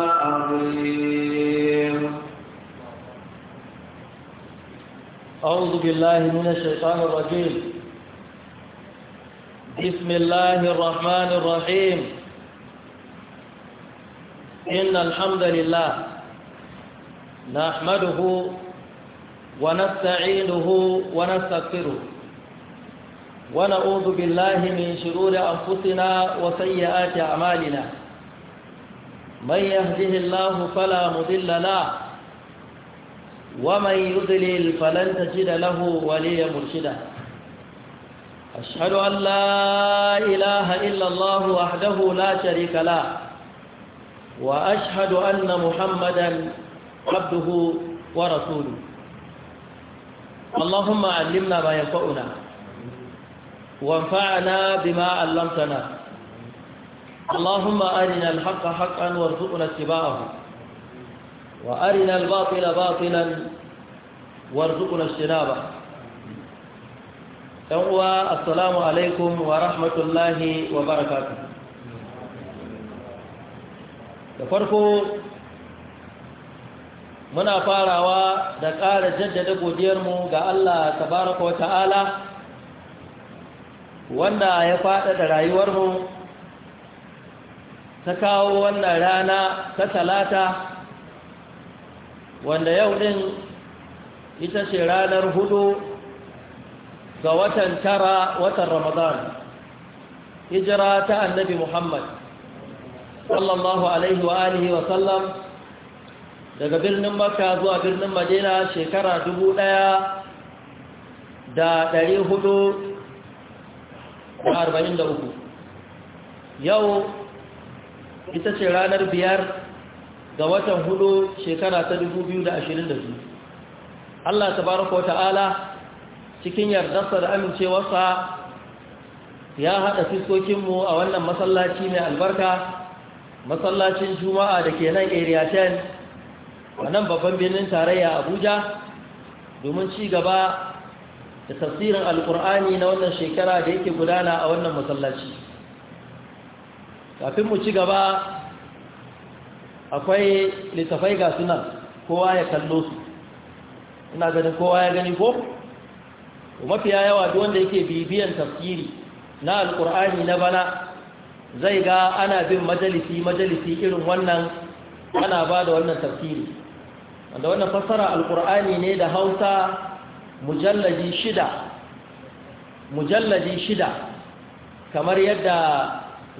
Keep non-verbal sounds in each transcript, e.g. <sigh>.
عظيم أعوذ بالله من الشيطان الرجيم بسم الله الرحمن الرحيم إن الحمد لله نحمده ونستعينه ونستغفره ونعوذ بالله من شرور أنفسنا وسيئات أعمالنا من يهده الله فلا مضل له ومن يضلل فلن تجد له وليا مرشدا أشهد أن لا إله إلا الله وحده لا شريك له وأشهد أن محمدا عبده ورسوله اللهم علمنا ما ينفعنا وانفعنا بما علمتنا اللهم أرنا الحق حقا وارزقنا اتباعه وأرنا الباطل باطلا وارزقنا اجتنابه يوم السلام عليكم ورحمة الله وبركاته da farko muna farawa da ƙara jaddada godiyarmu ga Allah tabaraka wa ta'ala wanda ya faɗaɗa rayuwarmu ta kawo wannan rana ta talata wanda yau ɗin ita ce ranar hudu ga watan tara watan ramadan hijira ta annabi muhammad sallallahu alaihi wa alihi wa sallam daga birnin makka zuwa birnin madina shekara dubu ɗaya da ɗari hudu da arba'in da uku yau ita ce ranar biyar ga watan hudu shekara ta 2022 Allah tabaraka wa ta'ala cikin yardarsa da amincewarsa ya haɗa fiskokinmu a wannan masallaci mai albarka masallacin juma'a da ke nan area 10 a nan babban birnin tarayya abuja domin ci gaba da tafsirin alkur'ani na wannan shekara da yake gudana a wannan masallaci kafin mu ci gaba akwai littafai ga suna kowa ya kallo su ina ganin kowa ya gani ko mafiya yawa duk wanda yake bibiyan tafsiri na alkur'ani na bana zai ga ana bin majalisi majalisi irin wannan ana ba da wannan tafsiri wanda wannan fassara alkur'ani ne da hausa mujallaji shida mujallaji shida kamar yadda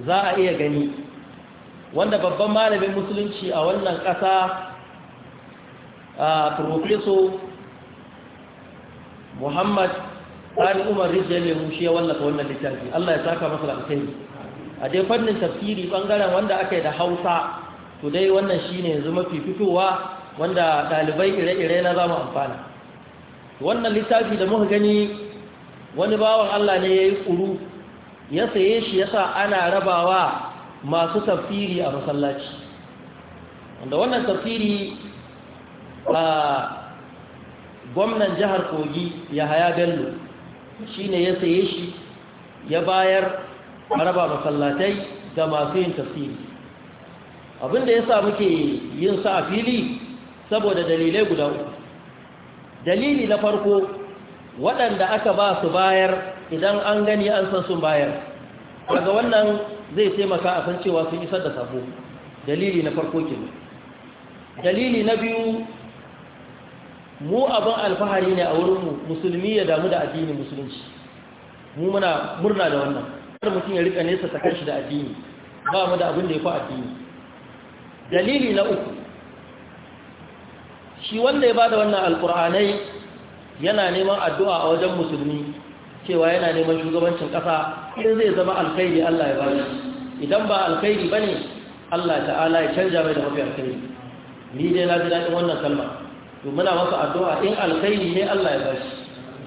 za a iya gani wanda babban malamin musulunci a wannan ƙasa a profeso muhammad ɗari umar rijiya mai shi ya wallafa wannan littafi allah ya saka masa alkhairi a dai fannin tafsiri ɓangaren wanda aka yi da hausa to dai wannan shi ne yanzu mafi fitowa wanda ɗalibai ire-ire na za mu amfana wannan littafi da muka gani wani bawan allah ne ya yi ƙuru ya saye shi ya sa ana rabawa masu tafsiri a masallaci wanda wannan tafsiri a gwamnan jihar kogi ya haya bello shi ne ya saye shi ya bayar raba masallatai ga masu yin tafsiri abinda ya sa muke yin sa a fili saboda dalilai guda uku dalili na farko waɗanda aka ba su bayar idan an gani an san sun bayar daga wannan zai taimaka a san cewa sun isar da sabo dalili na farko ke dalili na biyu mu abin alfahari ne a wurinmu musulmi ya damu da addinin musulunci mu muna murna da wannan kar mutum ya rika nesa ta shi da addini ba mu da abin da ya fi addini dalili na uku shi wanda ya ba da wannan alkur'anai yana neman addu'a a wajen musulmi cewa yana neman shugabancin ƙasa idan zai zama alkhairi Allah ya bani idan ba alkhairi bane Allah ta'ala ya canja mai da mafi alkhairi ni dai na ji daɗin wannan kalma to muna masa addu'a in alkhairi ne Allah ya bashi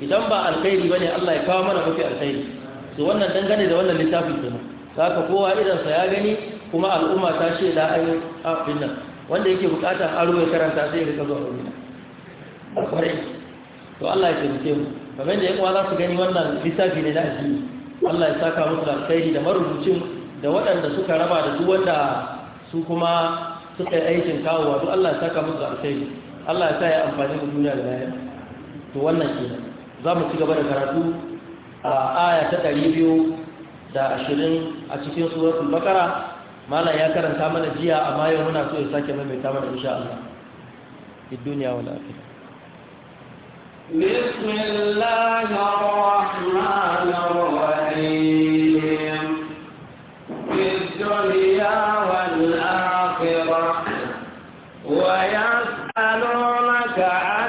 idan ba alkhairi bane Allah ya kawo mana mafi alkhairi to wannan dangane da wannan littafin za saka kowa idan sa ya gani kuma al'umma ta ce da ayi abin nan wanda yake bukatar aro ya karanta sai ya rika zuwa wurin to Allah ya taimake mu kamar da yankuwa za su gani wannan lissafi ne na addini Allah ya saka musu da alkhairi da marubucin da waɗanda suka raba da su wanda su kuma suka yi aikin kawo wato Allah ya saka musu da alkhairi Allah ya sa ya amfani da duniya da bayan to wannan kenan za mu ci gaba da karatu a aya ta ɗari biyu da ashirin a cikin suratul bakara malam ya karanta mana jiya amma yau muna so ya sake maimaita mana insha Allah fi duniya wal akhirah بسم الله الرحمن الرحيم في الدنيا والآخرة ويسألونك عن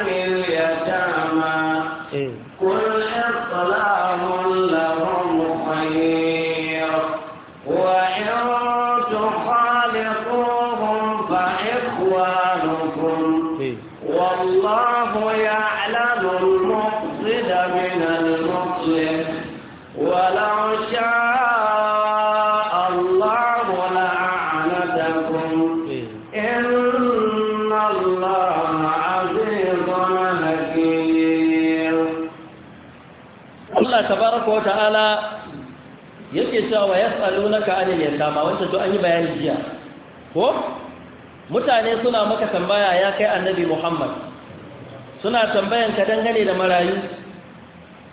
ta'ala yake cewa yas'alunaka 'anil yatama wanda to an yi bayani jiya ko mutane suna maka tambaya ya kai annabi Muhammad suna tambayan ka dangane da marayu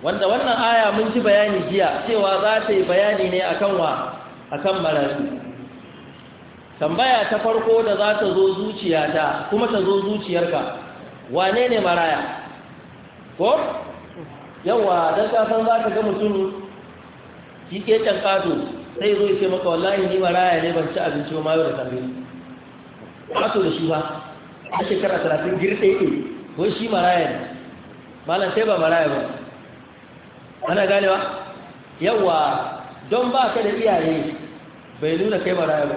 wanda wannan aya mun ji bayani jiya cewa za ta yi bayani ne akan wa akan marayu tambaya ta farko da za ta zo zuciyata kuma ta zo zuciyarka wane ne maraya ko yawa don kafin za ka ga mutum shi ke can ƙato sai zo ce maka wallahi ni maraya ne ban ci abinci ba mayo da kalli ƙato da shi ba a shekara talatin girɗe ɗaya, ko shi maraya ne malam sai ba maraya ba ana ganewa yawa don ba ka da iyaye bai nuna kai maraya ba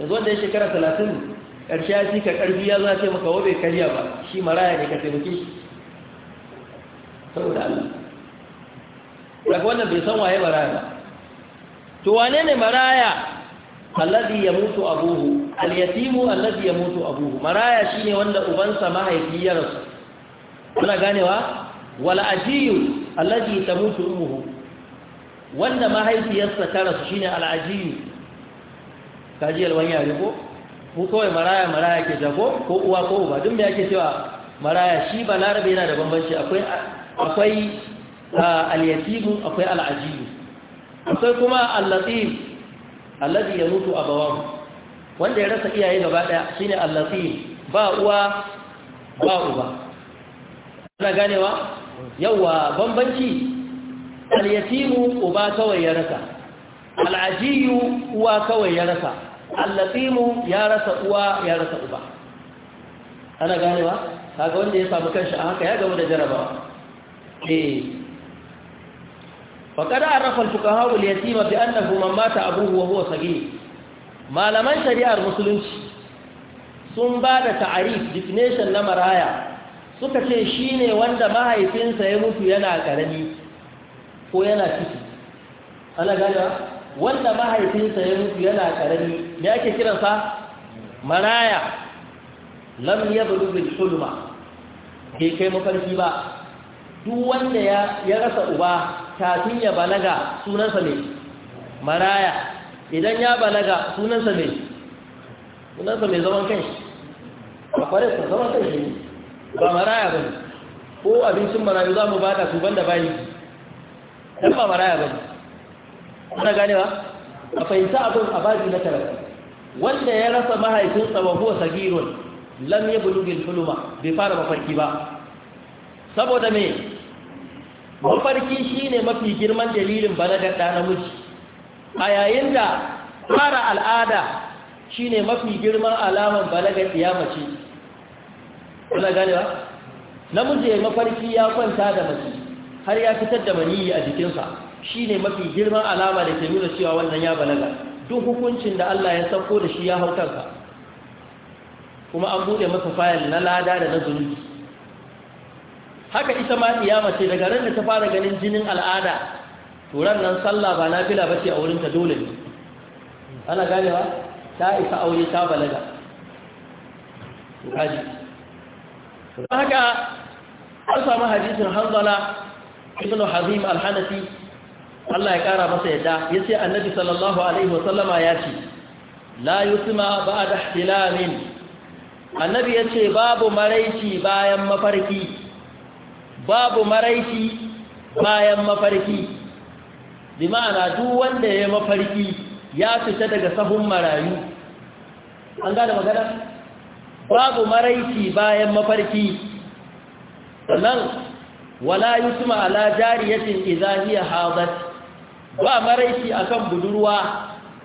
yanzu wanda ya shekara talatin ƙarshe ya fi ka ƙarfi ya zo ya ce maka wabe karya ba shi maraya ne ka taimake shi saboda Allah daga wannan bai san waye maraya ba to wane ne maraya alladhi yamutu abuhu alyatimu alladhi yamutu abuhu maraya shine wanda ubansa mahaifi ya rasu kuna ganewa wala ajiyu alladhi tamutu ummuhu wanda mahaifiyarsa ta rasu shine al'ajiyu kaji alwanya riko? ko mu kawai maraya maraya ke jago ko uwa ko uba duk me yake cewa maraya shi ba larabe yana da bambanci akwai akwai ah, al yatim akwai al-ajibu akwai kuma al-latif alladhi yamutu abawahu wanda ya rasa iyaye gaba daya shine al-latif ba uwa ba uba kana ganewa yawa bambanci al yatim uba kawai ya rasa al-ajiyu uwa kawai ya rasa al latif ya rasa uwa ya rasa uba ana ganewa kaga wanda ya samu kansa a haka ya gaba da jarabawa eh faƙada a rafar fukahawul yatima bi annahu man mata abuhu wa huwa sagir malaman shari'ar musulunci sun ba da ta'arif definition na maraya suka ce shine wanda mahaifinsa ya mutu yana karami ko yana ciki ana gane wanda mahaifinsa ya mutu yana karami me ake kiransa maraya lam yablu bil hulma kai kai mafarki ba duk wanda ya rasa uba kafin ya balaga sunansa ne maraya idan ya balaga sunansa ne sunansa mai zaman kai a kwarinsa zaman kai ne ba maraya ba ko abincin marayu za mu ba da tuban da bayi ɗan ba maraya ba ana gane ba a fahimta abin a baji na tara wanda ya rasa mahaifinsa wa huwa sagirun lam ya bulugin fuluma bai fara mafarki ba saboda me mafarki shine mafi girman dalilin balagar da namiji a yayin da fara al'ada shine mafi girman alaman balagar mace. kuna gane ba namiji ya mafarki ya kwanta da mace har ya fitar da maniyi a jikinsa shine mafi girman alama da ke nuna cewa wannan ya balaga duk hukuncin da Allah ya sauko da shi ya hau kanka. kuma an buɗe masa fayil na lada da na zunubi haka ita ma tsiyama ce daga ran da ta fara ganin jinin al'ada turan nan sallah ba nafila bace a wurinta dole ne ana ganewa ta isa aure ta balaga haji haka an samu hadisin hanzala ibn hazim al-hanafi Allah ya kara masa yadda yace annabi sallallahu alaihi wasallama ya ce la yusma ba'da ihtilamin annabi yace babu maraici bayan mafarki babu maraici bayan mafarki bi ma'ana duk wanda ya mafarki ya fita daga sahun marayu an gada magana babu maraici bayan mafarki sannan wala yutma ala jariyatin idza hiya hadat ba maraici akan budurwa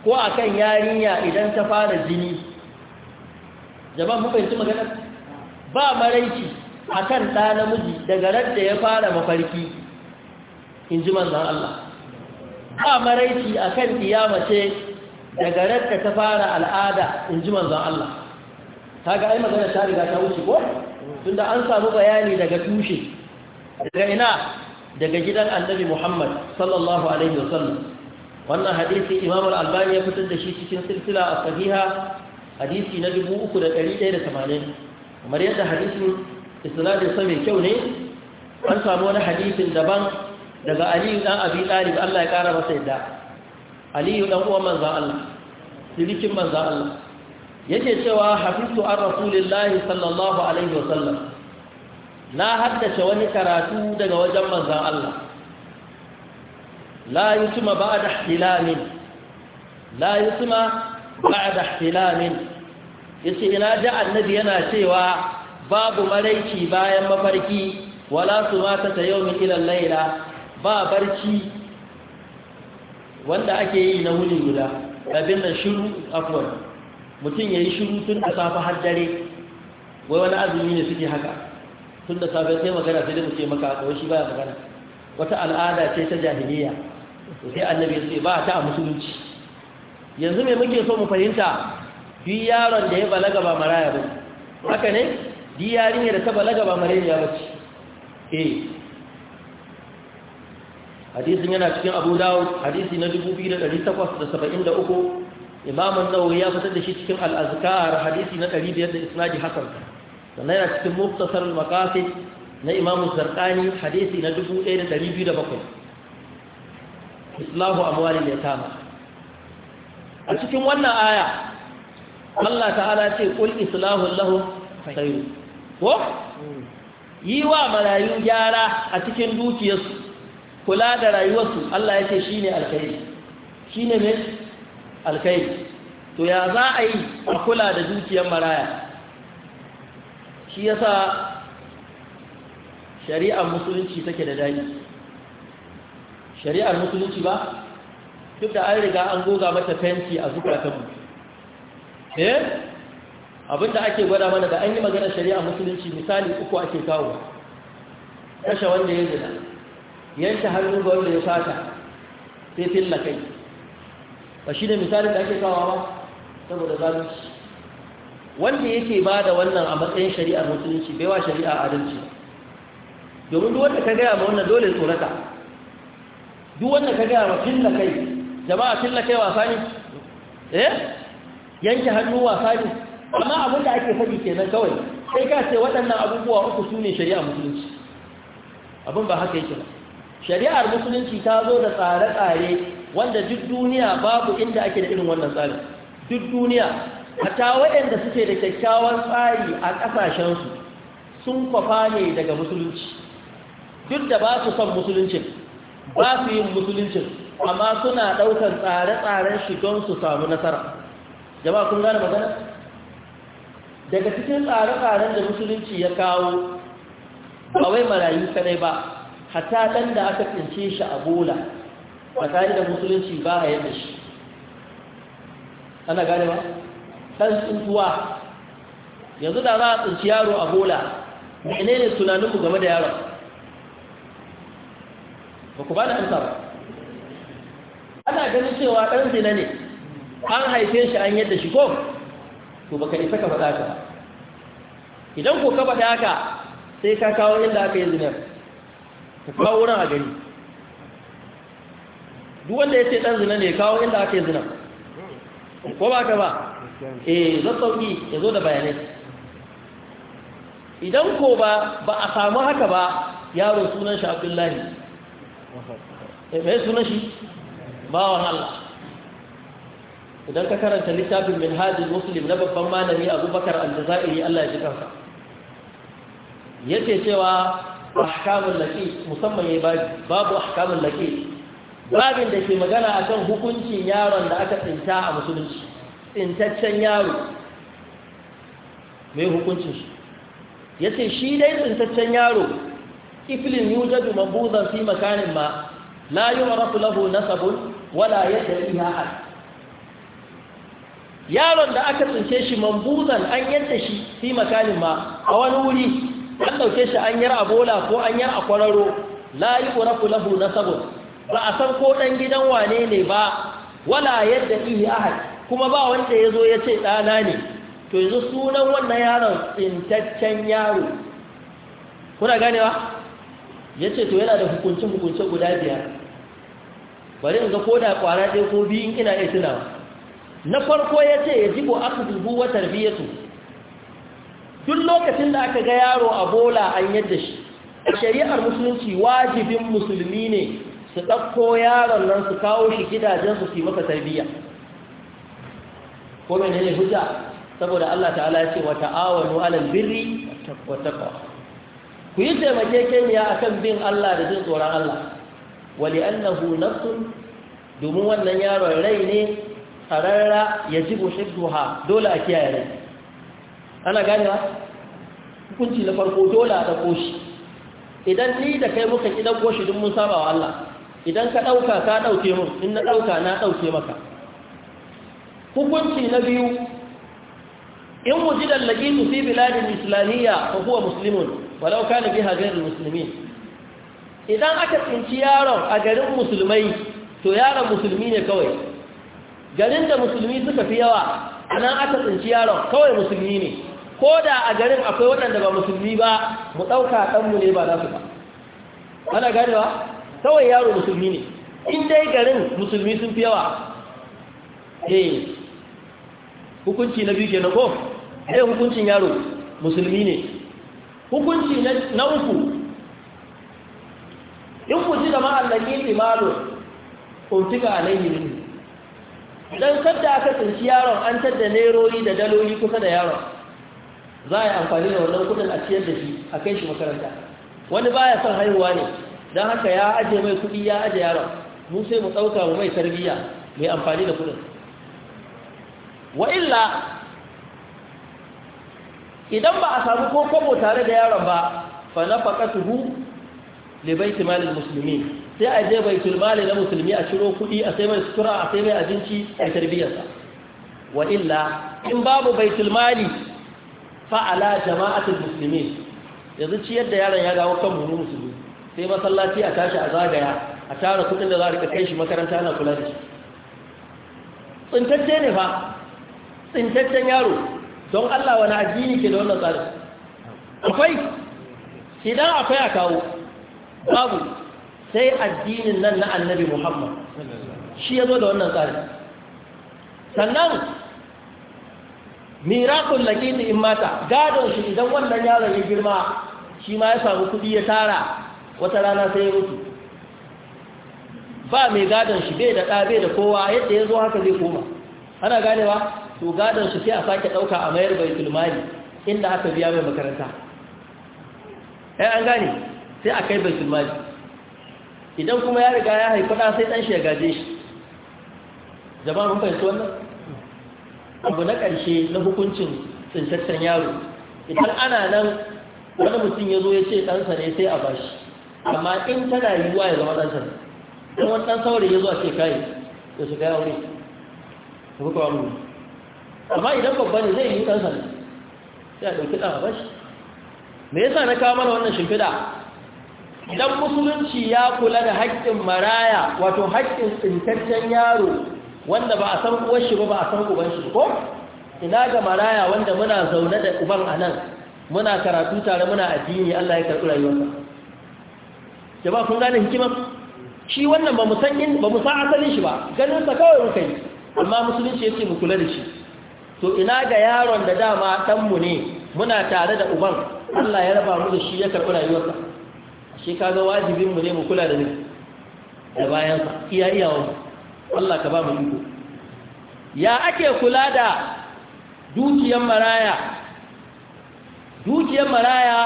ko akan yarinya idan ta fara jini jama'a mu fahimci magana ba maraici akan ɗa namiji daga radda ya fara mafarki in ji manzan Allah ba maraici akan mace daga radda ta fara al'ada in ji manzan Allah ta ga ai magana ta riga ta wuce ko tunda an samu bayani daga tushe daga ina daga gidan annabi Muhammad sallallahu alaihi wasallam wannan hadisi Imam al-Albani ya fitar da shi cikin silsila a sahiha hadisi na 3180 kamar yadda hadisin isnadin sa mai kyau ne an samu wani hadisin daban daga aliyu dan abi talib Allah ya kara masa yadda aliyu dan uwan manzon Allah sirikin manzon Allah yake cewa hafizu an rasulillahi sallallahu alaihi wasallam na haddace wani karatu daga wajen manzon Allah la yutuma ba'da ihtilamin la yutuma ba'da ihtilamin yace ina da annabi yana cewa babu maraici bayan mafarki wala su mata ta yau mikilan laira ba barci wanda ake yi na wuni guda abin da shiru afuwar mutum ya yi shiru tun da safe har dare wai wani azumi ne suke haka tun da safe sai magana sai da mu ce maka kawai shi baya magana wata al'ada ce ta jahiliya sai annabi ya ce ba ta a musulunci yanzu me muke so mu fahimta duk yaron da ya balaga ba maraya ba haka ne di yarinya da ta balaga ba mareniya ba ce eh hadisin yana cikin abu dawud hadisi na 2873 Imaman nawawi ya fitar da shi cikin al'azkar hadisi na 500 da isnadi hasan sannan yana cikin muftasar makafi na imamu zarkani hadisi na 1207 islahu amwalin ya tama a cikin wannan aya Allah ta'ala ce kul islahu lahum khairu ko yi wa marayu gyara a cikin dukiyarsu kula da rayuwarsu Allah ya ce shi ne alkhairi shi ne mai alkhairi to ya za a yi a kula da dukiyar maraya shi ya sa shari'ar musulunci take da dani shari'ar musulunci ba duk da an riga an goga mata fenti a zukatanmu eh abinda ake gwada mana da an yi maganar shari'a musulunci misali uku ake kawo kashe wanda ya zina yanke hannu ga wanda ya fata sai filla kai ba shi ne misalin da ake kawo ba saboda zalunci wanda yake ba da wannan a matsayin shari'ar musulunci bai wa shari'a adalci domin duk wanda ka gaya ma wannan dole tsorata duk wanda ka gaya ma filla kai jama'a filla kai wasa ne eh yanke hannu wasa ne amma abin da ake faɗi kenan kawai sai ka ce waɗannan abubuwa uku su ne shari'a musulunci abin ba haka yake ba shari'ar musulunci ta zo da tsare-tsare wanda duk duniya babu inda ake da irin wannan tsari, duk duniya hatta waɗanda suke da kyakkyawan tsari a ƙasashensu sun kwafa ne daga musulunci duk da ba su son musuluncin ba su yin musulunci amma suna ɗaukar tsare-tsaren shi don su samu nasara jama'a kun gane magana daga cikin tsare-tsaren da musulunci ya kawo ba wai marayu kadai ba hatta ɗan da aka tsince shi a bola ba tare da musulunci ba a yadda shi ana gane ba ɗan tsuntuwa yanzu da za a tsinci yaro a bola mene ne tunaninku game da yaron ba ku ba da amsa ba ana ganin cewa ɗan zina ne an haife shi an yadda shi ko to baka isa ka faɗa ka idan ko ka faɗa ka sai ka kawo inda aka yi zinar ka kawo wurin a gari duk wanda ya ce ɗan zina ne kawo inda aka yi zinar, ko ba ka ba e zan sauki ya zo da bayanai idan ko ba ba a samu haka ba yaro sunan shi abdullahi eh, mai sunan shi bawan Allah idan ka karanta littafin minhajin muslim na babban malami abubakar al-jazairi Allah ya ji kansa yace cewa ahkamul laqi musamman yayi babu ahkamun laqi babin da ke magana akan hukuncin yaron da aka tsinta a musulunci tsintaccen yaro mai hukuncin shi yace shi dai tsintaccen yaro iflin yujadu mabuzan fi makanin ma la yu'rafu lahu sabon wala yadriha ahad yaron da aka tsince shi mambuzan an yanta shi fi makalin ma a wani wuri an dauke shi an yar a bola ko an yar a kwararo la yi ƙorafu lahu na sabon ba a san ko ɗan gidan wane ne ba wala yadda ihi ahad kuma ba wanda ya zo ya ce ɗana ne to yanzu sunan wannan yaron tsintaccen yaro kuna ganewa ya ce to yana da hukuncin hukunce guda biyar bari in ga ko da kwana ɗaya ko biyu ina iya tunawa na farko ya ce ya jibo aka dubu wa tarbiyyatu duk lokacin da aka ga yaro a bola an yadda shi a shari'ar musulunci wajibin musulmi ne su ɗauko yaron nan su kawo shi gidajensu su yi masa tarbiyya ko mene ne hujja saboda Allah ta'ala ya ce wa ta'awanu 'alal birri wata taqwa ku yi taimakekeniya akan bin Allah da jin tsoron Allah wali annahu nafsun domin wannan yaron rai ne tsararra ya ji buhibduha dole a kiyaye rai ana ganewa hukunci na farko dole a ɗauko shi idan ni da kai muka ki ɗauko shi don mun saba wa Allah idan ka ɗauka ka ɗauke mun in na ɗauka na ɗauke maka hukunci na biyu in wujidan laqitu fi biladin islamiyya fa huwa muslimun walau kana biha ghayrul muslimin idan aka tsinci yaron a garin musulmai to yaron musulmi ne kawai garin da musulmi suka fi yawa nan aka tsinci yaron kawai musulmi ne ko da a garin akwai waɗanda ba musulmi ba mu ɗauka ɗanmu ne ba za su ba ana ganewa kawai yaro musulmi ne in dai garin musulmi sun fi yawa eh hukunci na biyu ke na ko eh hukuncin yaro musulmi ne hukunci na uku in ku ji da ma'allaki fi kuntuka alaihi minhu don kadda aka tsinci yaron an tadda neroli da daloli kusa da yaron za a yi amfani da wannan kudin a ciyar da shi a kai shi makaranta wani baya son haihuwa ne don haka ya aje mai kudi ya aje yaron mu sai mu tsauka mu mai tarbiyya mai amfani da kudin wa illa idan ba a samu ko kwabo tare da yaron ba fa na faƙa libaiti malin musulmi sai a je baitul mali na musulmi a ciro kudi a sai mai sutura a sai mai abinci a tarbiyyarsa wa illa in babu baitul mali fa'ala jama'atul musulmi yanzu ciyar da yaron ya dawo kan mu musulmi sai masallaci a tashi a zagaya a tara kuɗin da za a kai shi makaranta na kula da shi tsintacce ne fa tsintaccen yaro don Allah wani addini ke da wannan tsarin akwai idan akwai a kawo babu sai addinin nan na annabi muhammad shi ya zo da wannan tsari sannan mirakun lakini in mata gadon shi idan wannan yaron ya girma shi ma ya samu kuɗi ya tara wata rana sai ya mutu ba mai gadon shi bai da ɗa bai da kowa yadda ya zo haka zai koma ana ganewa to gadon shi sai a sake ɗauka a mayar bai tulmari inda aka biya mai makaranta ɗaya eh, an gane sai a kai baitul mali idan kuma ya riga ya haifi ɗa sai ɗan shi ya gaje shi zama mun fahimci wannan abu na ƙarshe na hukuncin tsintaccen yaro idan ana nan wani mutum ya zo ya ce ɗansa ne sai a bashi amma in tana yiwuwa ya zama ɗansa don wani ɗan saurayi ya zo a ce kayi ya su kai aure su kuka wani wuri amma idan babba ne zai yi ɗansa ne sai a ɗauki ɗan a bashi me yasa na kawo mana wannan shimfiɗa idan musulunci ya kula da haƙƙin maraya wato haƙƙin tsintaccen yaro wanda ba a san uwar shi ba ba a san uban shi ko ina ga maraya wanda muna zaune da uban a nan muna karatu tare muna addini Allah ya karɓi rayuwarsa jama'a kun gane hikimar shi wannan ba mu san in ba mu san asalin shi ba ganin sa kawai muka yi amma musulunci yace mu kula da shi to ina ga yaron da dama dan mu ne muna tare da uban Allah ya raba mu da shi ya karɓi rayuwarsa shi ka wajibin mu ne mu kula da ni da bayan sa iya iyawa Allah ka ba mu iko ya ake kula da dukiyar maraya dukiyar maraya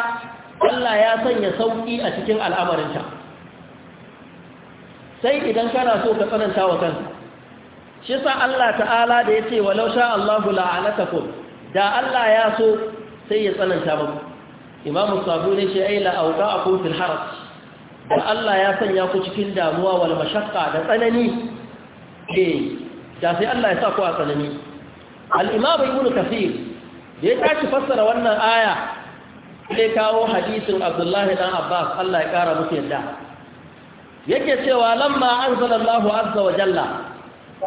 Allah ya sanya sauki a cikin al'amarinta sai idan kana so ka tsananta wa kanka shi sa Allah ta'ala da ya ce walau sha Allahu la'anatakum da Allah ya so sai ya tsananta maku. imamu sabuni ce ai la auka a fil Haras. da Allah ya sanya ku cikin damuwa wal mashakka da tsanani eh da sai Allah ya sa ku a tsanani al imamu ibnu kafir da ya tashi fassara wannan aya sai kawo hadisin Abdullahi dan Abbas Allah ya kara musu yadda yake cewa lamma anzalallahu azza wa jalla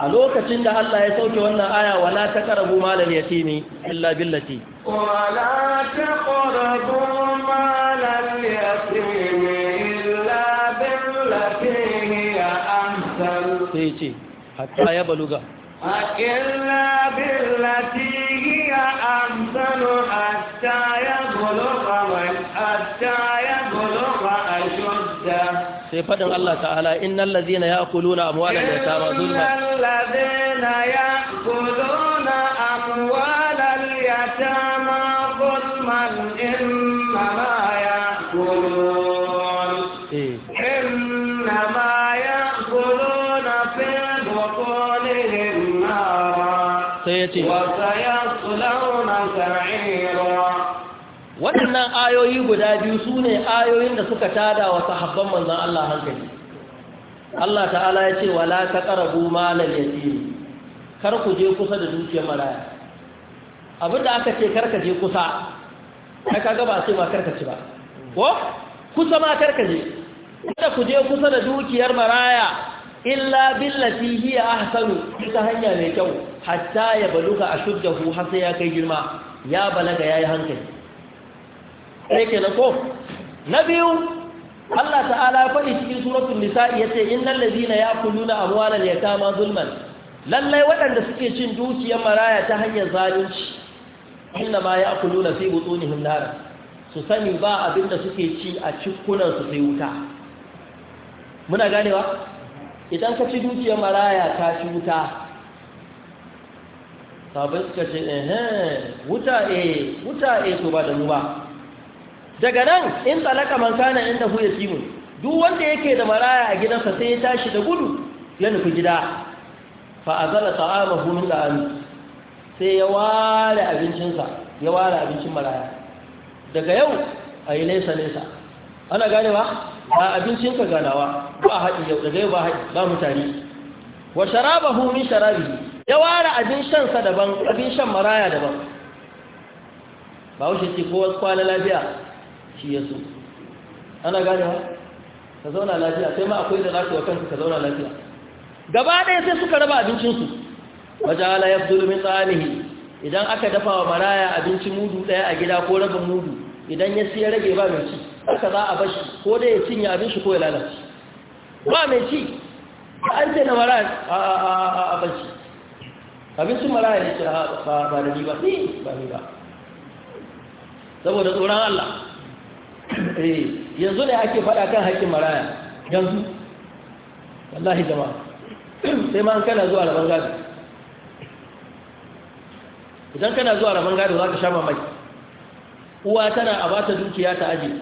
a lokacin da Allah ya sauke wannan aya wala taqrabu malal yatimi illa billati wala taqrabu malal yatimi illa billati hiya ahsan sai ce hatta ya baluga illa billati hiya ahsan hatta fadin Allah ta'ala innal ladhina ya'kuluna amwalan yatama zulma innal ladhina ya'kuluna amwalan yatama zulman inna ma ya'kulun eh. inna ma ya'kuluna fi buqulihim nara sai yace waɗannan ayoyi guda biyu su ne ayoyin da suka tada wa sahabban manzan Allah hankali Allah ta'ala ya ce wala ta ƙarabu malar yasiri kar ku je kusa da dukiyar maraya abin da aka ce kar ka je kusa ai ka gaba ce ma ka ci ba ko kusa ma kar ka je kada ku je kusa da dukiyar maraya illa billati hiya ahsanu ita hanya mai kyau hatta ya baluka ashuddahu har sai ya kai girma ya balaga yayi hankali sai ke ko na biyu Allah ta'ala ya faɗi cikin suratul nisa'i yace innal ladina ya'kuluna amwalal yatama zulman lallai waɗanda suke cin dukiyar maraya ta hanyar zalunci inna ma ya'kuluna fi butunihim nar su sani ba abinda suke ci a cikunan su sai wuta muna ganewa idan ka ci dukiyar maraya ta ci wuta sabai suka ce eh wuta eh wuta eh to ba da mu ba daga nan in tsalaka man kana inda huya simu duk wanda yake da maraya a gidansa sai ya tashi da gudu ya nufi gida fa azala ta'amahu min da'an sai ya ware abincinsa ya ware abincin maraya daga yau a yi nesa nesa ana ganewa ba abincinka ganawa ba haɗi yau daga yau ba haɗi ba mutane wa sharabahu min sharabi ya ware abin shansa daban abin shan maraya daban ba wuce ce kowa kwana lafiya shi ya so ana gane ha ka zauna lafiya sai ma akwai da za ka wa kanka ka zauna lafiya gaba ɗaya sai suka raba abincinsu wajen ala ya fi min tsanihi idan aka dafa wa maraya abinci mudu ɗaya a gida ko rabin mudu idan ya siya rage ba mai ci aka za a bashi ko da ya cinye abin shi ko ya lalace ba mai ci an ce na maraya a bashi abincin maraya ne ce ba da ni ba ni ba ni ba saboda tsoron Allah Eh, yanzu ne ake faɗa kan haƙƙin maraya yanzu wallahi jama sai ma kana zuwa rabon gado idan kana zuwa rabon gado za ka sha mamaki uwa tana a ba ta dukiya ta aji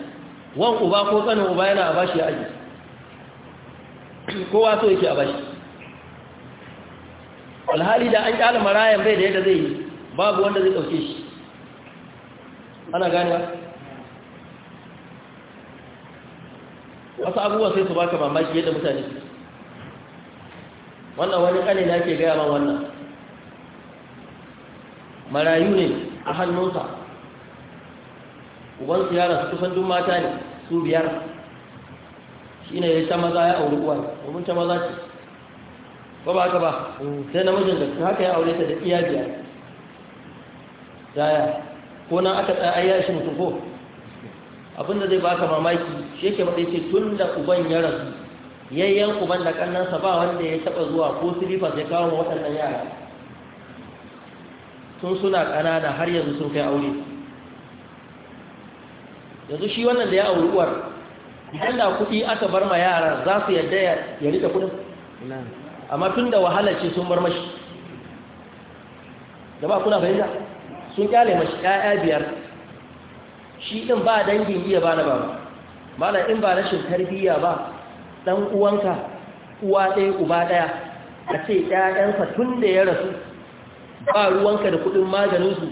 wan uba ko tsanin uba yana a bashi ya aji kowa so yake a bashi alhali da an ƙyala marayan bai da yadda zai yi babu wanda zai ɗauke shi ana ganewa wasu abubuwa sai su baka mamaki yadda mutane su wannan wani kane da ake gaya ma wannan marayu ne a hannunsa Uban yara su kusan duk mata ne su biyar shi ne ya ta maza ya auri uwa domin ta maza ce ba ba ka ba sai namijin da haka ya aure ta da iya biyar daya ko na aka tsaya ayyashi mutum ko abinda zai baka mamaki shi yake matsayi ce tun da uban ya rasu yayyan uban da kannansa ba wanda ya taɓa zuwa ko silifas ya kawo waɗannan yara tun suna ƙanana har yanzu sun kai aure yanzu shi wannan da ya auri uwar idan da kuɗi aka bar ma yara za su yadda ya rika kuɗin amma tun da wahalar ce sun bar mashi da ba kuna fahimta sun kyale mashi 'ya'ya biyar shi ɗin ba dangin iya ba na baba na in ba rashin tarbiyya ba ɗan uwanka uwa ɗaya uba ɗaya a ce ƴaƴansa tun da ya rasu ba ruwanka da kuɗin maganinsu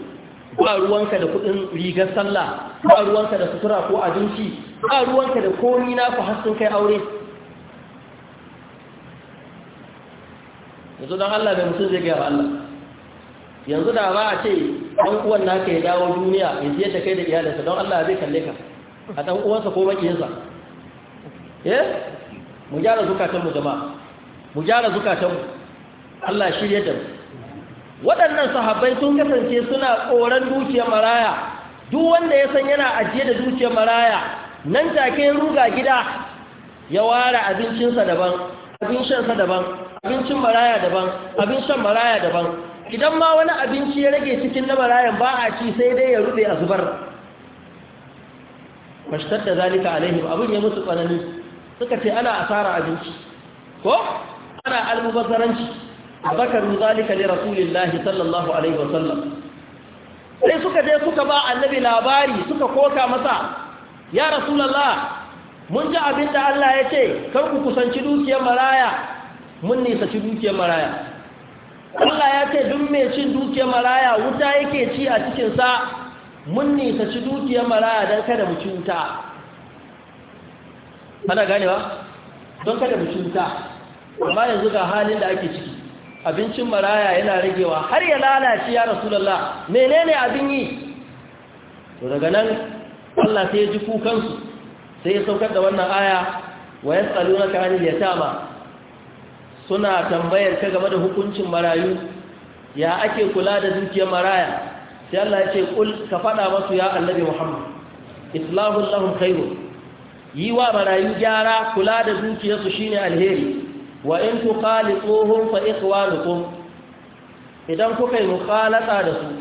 ba ruwanka da kuɗin rigar sallah ba ruwanka da sutura ko abinci ba ruwanka da komi na ku sun kai aure yanzu don Allah mai mutum zai gaya ba Allah yanzu da ba a ce ɗan uwan naka ya dawo duniya ya siya ta kai da iyalinsa don Allah zai kalle ka a ɗan uwansa ko makiyinsa eh mu gyara zukatanmu jama'a mu gyara zukatanmu Allah shirye da mu waɗannan sahabbai sun kasance suna tsoron dukiyar maraya duk wanda ya san yana ajiye da dukiyar maraya nan take ruga gida ya ware abincinsa daban abin shansa daban abincin maraya daban abin shan maraya daban idan ma wani abinci ya rage cikin na barayan ba a ci sai dai ya rube a zubar mashtar da zalika alaihim abin ya musu tsanani suka ce ana asara abinci ko ana almubazzaranci a bakarun zalika ne lahi sallallahu alaihi wasallam sai suka je suka ba annabi labari suka koka masa ya rasulallah mun ji abin da Allah ya ce kar ku kusanci dukiyar maraya mun nisa ci dukiyar maraya Allah ya ce duk mai cin dukiyar maraya wuta yake ci a cikinsa mun nisa ci dukiyar maraya don kada mu ci wuta gane ba? don kada mu ci amma yanzu ga halin da ake ciki abincin maraya yana ragewa har ya lalace ya rasulallah menene abin yi to daga nan Allah sai ya ji kukansu sai ya saukar da wannan aya wa yasalunaka anil yatama suna tambayar ka game da hukuncin marayu ya ake kula da zuciyar maraya sai Allah ya ce kul ka faɗa masu ya annabi Muhammad islahu lahum khairu yi wa marayu gyara kula da su shine alheri wa in tuqalisuhum fa ikhwanukum idan kuka yi mukhalata da su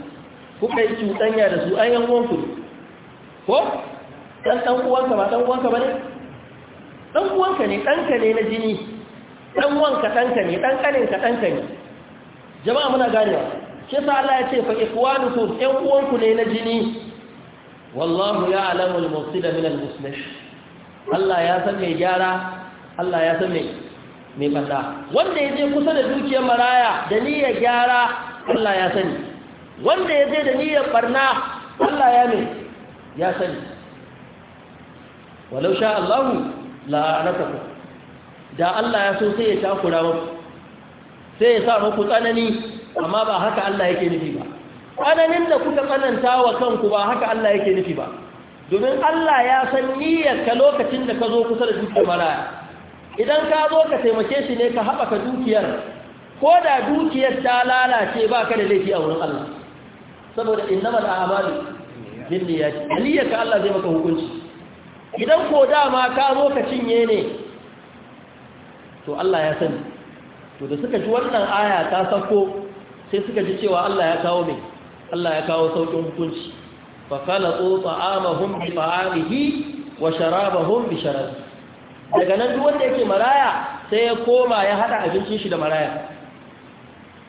kuka yi cutanya da su ayyan uwanku ko dan dan uwanka ba dan uwanka bane dan uwanka ne ka ne na jini dan wanka danka ne dan kaninka danka ne jama'a muna ganewa shi yasa Allah ya ce fa ikwanukum ɗan uwanku ne na jini wallahu ya'lamu al-mufsida min al-muslih Allah ya san mai gyara Allah ya san mai mai fada wanda ya je kusa da dukiyar maraya da niyyar gyara Allah ya sani wanda ya je da niyyar barna Allah ya mai ya sani walau sha Allahu la'anatakum da Allah ya so sai ya takura muku sai ya sa muku tsanani amma ba haka Allah yake nufi ba tsananin da kuka tsananta wa kanku ba haka Allah yake nufi ba domin Allah ya san niyyarka lokacin da ka zo kusa da dukiyar maraya idan ka zo ka taimake shi ne ka haɓaka dukiyar ko da dukiyar ta lalace ba ka da laifi a wurin Allah saboda innamal a'malu binniyati niyyarka Allah zai maka hukunci idan ko dama ka zo ka cinye ne to Allah ya sani to da suka ji wannan aya ta sako sai suka ji cewa Allah ya kawo mai Allah ya kawo saukin hukunci fa kala ta'amahum bi ta'amihi wa sharabahum bi sharabi daga nan duk wanda yake maraya sai ya koma ya hada abincin shi da maraya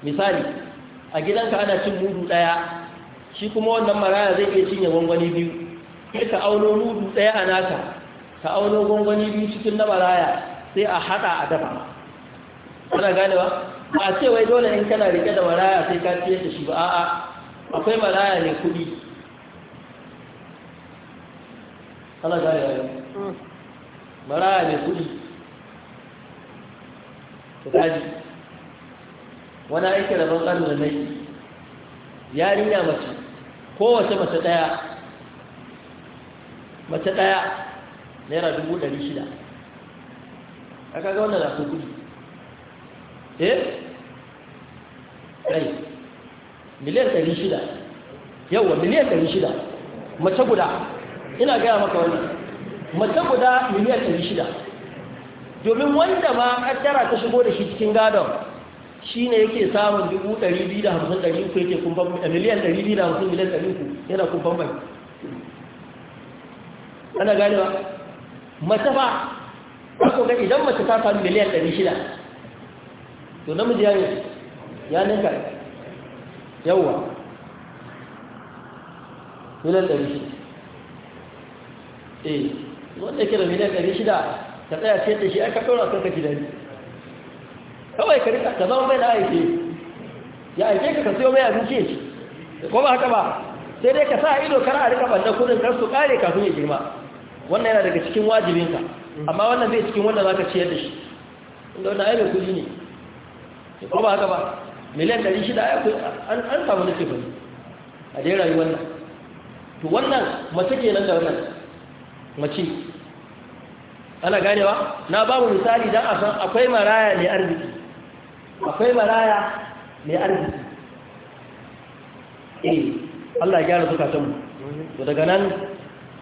misali a gidanka ana cin mudu daya shi kuma wannan maraya zai iya cinye gwangwani biyu sai ka auno mudu daya a naka ka auno gwangwani biyu cikin na maraya sai a haɗa a dafa kuna ganewa ba a ce wai dole in kana rike da maraya sai ka fiye da shi ba a'a akwai maraya ne kuɗi kuna ganewa yau maraya ne kuɗi ta kaji wani aiki da ban ƙarni da mai yarinya mace kowace mace ɗaya mace ɗaya naira dubu ɗari shida a kaga wannan na so kudi eh kai miliyan 600 yawa miliyan 600 mace guda ina gaya maka wani, mace guda miliyan 600 domin wanda ma kaddara ta shigo da shi cikin gadon shi ne yake samun 250,000 yake kumfan eh, miliyan 250 miliyan 300 yana kumban bai ana ba, mace ba ko ga idan mace ta faru miliyan 600 to namiji ya ya ninka yawa miliyan 600 eh wanda kira miliyan 600 ka tsaya ce da shi aka ɗora kan kaci da kawai ka rika ka zama mai na aiki ya aike ka ka siyo mai abinci ko ba haka ba sai dai ka sa ido kar a rika ɓanna kudin kar su ƙare kafin ya girma wannan yana daga cikin wajibinka amma wannan zai cikin wanda za ka ciyar da shi inda wannan ayyar kuɗi ne ko ba haka ba miliyan 600 an samu nufi ba a dai rayuwar nan to wannan mace ke nan da wannan mace ana ganewa na babu misali don a san akwai maraya mai arziki akwai maraya mai arziki eh Allah gyara suka tamu daga nan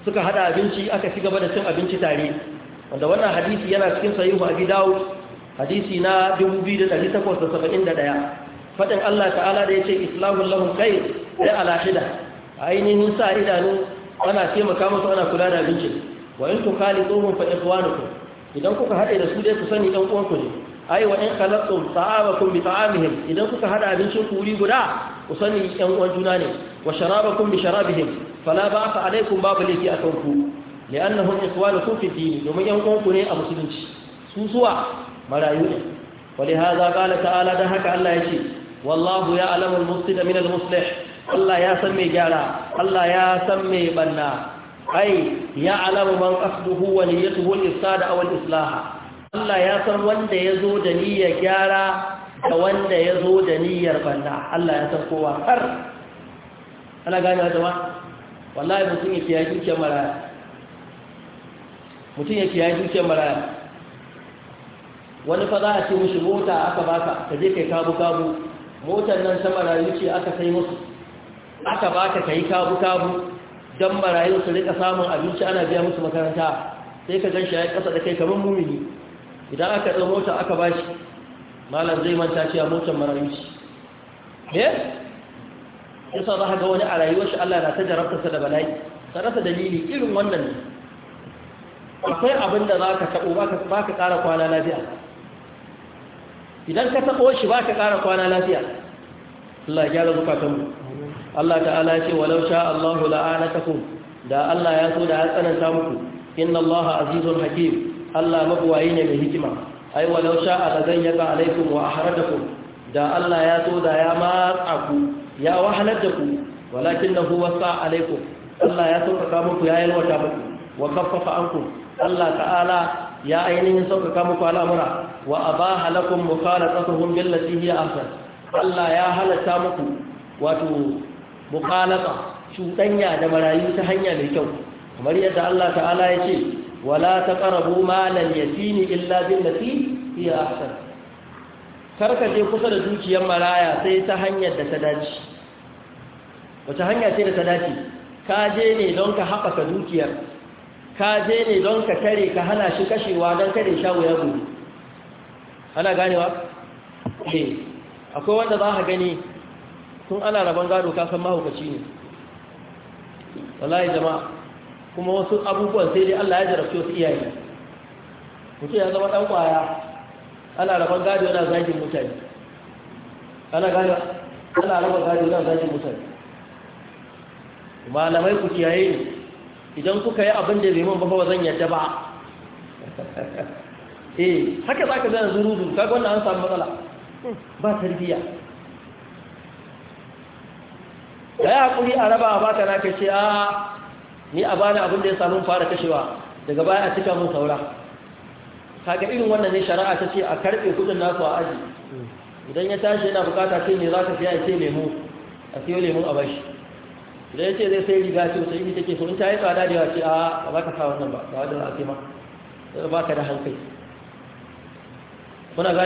suka hada abinci aka ci gaba da cin abinci tare wanda wannan hadisi yana cikin sahihu abi dawud hadisi na 2871 fadin Allah ta'ala da yace islamu lahum khair ya ala hida ainihin sa idanu ana taimaka musu ana kula da abincin wa in tukhaliduhum fa ikhwanukum idan kuka hade da su dai ku sani dan uwanku ne ai wa in khalaqtum ta'amakum bi ta'amihim idan kuka hada abincin ku wuri guda ku sani yan uwan juna ne wa sharabakum bi sharabihim fala ba'sa alaikum babu laifi a kanku li'annahum ikhwanukum fi din domin yan uwanku ne a musulunci su zuwa marayu ne Wani walihaza qala ta'ala don haka Allah ya ce. wallahu ya'lamu al-mufsida min al-muslih Allah ya san mai gyara Allah ya san mai banna ai ya'lamu man qasduhu wa niyyatuhu al-ifsada aw al islaha. Allah ya san wanda yazo da niyyar gyara da wanda yazo da niyyar banna Allah ya san kowa har ana gane wa jama'a wallahi mutum yake yaki kamar mutum ya kiyaye dukiyar maraya wani fa za a ce mushi mota aka baka ka je kai kabu kabu motar nan ta marayu ce aka sai musu aka baka kai kabu kabu dan marayu su rika samun abinci ana biya musu makaranta sai ka ganshi ya kasa da kai kamar mumini idan aka ɗau mota aka bashi malam zai manta cewa motar marayu ce eh yasa za ka ga wani a rayuwar shi Allah na ta jarabta sa da bala'i sarasa dalili irin wannan ne akwai abin da za ka taɓo ba ka ƙara kwana lafiya idan ka taɓo shi ba ka ƙara kwana lafiya Allah ya gyara zukatanmu Allah ta'ala ce walau sha Allahu la'anatakum da Allah ya so da ya tsananta muku inna Allah azizun hakim Allah mabuwayi ne mai hikima ai walau sha alazayyaka alaikum wa ahradakum da Allah ya so da ya matsa ku ya wahalar da ku walakin na huwa sa alaikum Allah ya sauƙaƙa muku ya yi wata muku wa kaffafa ankum Allah ta'ala ya ainihin sauƙaƙa muku al'amura wa a ba abaha lakum mukhalaqatuhum billati hiya ahsan Allah ya halatta muku wato mukhalaqa cuɗanya da marayu ta hanya mai kyau kamar yadda Allah ta'ala ya ce wala ta ya fi ni illa billati hiya ahsan karka je kusa da dukiyar maraya sai ta hanyar da ta dace wata hanya sai da ta dace ka je ne don ka haɓaka dukiyar ka je ne don ka tare ka hana shi kashewa don kare shawo ya gudu ana ganewa? ke eh, akwai wanda za a gani tun ana rabon gado kasan mahaukaci ne wallahi jama'a kuma wasu abubuwan sai dai Allah ya jarabci wasu iyaye mutum ya zama ɗan ƙwaya ana rabon gado yana zagin mutane ana gado ana rabon gado yana zagin mutane malamai ku kiyaye ne idan kuka yi abin da liman ba zan yadda ba <laughs> eh haka za ka zana zuru kaga wannan an samu matsala ba tarbiya da ya haƙuri a raba ba ka na ce a ni a bani abin da ya samu fara kashewa daga baya a cika mun saura kaga irin wannan ne shari'a ta ce a karfe kudin nasu a aji hmm. idan ya tashi yana bukata sai ne za ka fiya ya ce lemu a siyo lemun a bashi da ya ce zai sai riga ce wata iri take sun ta yi tsada da yawa ce a ba ka sa nan ba ba wajen ake ma eh, ba ka da hankali kuna ba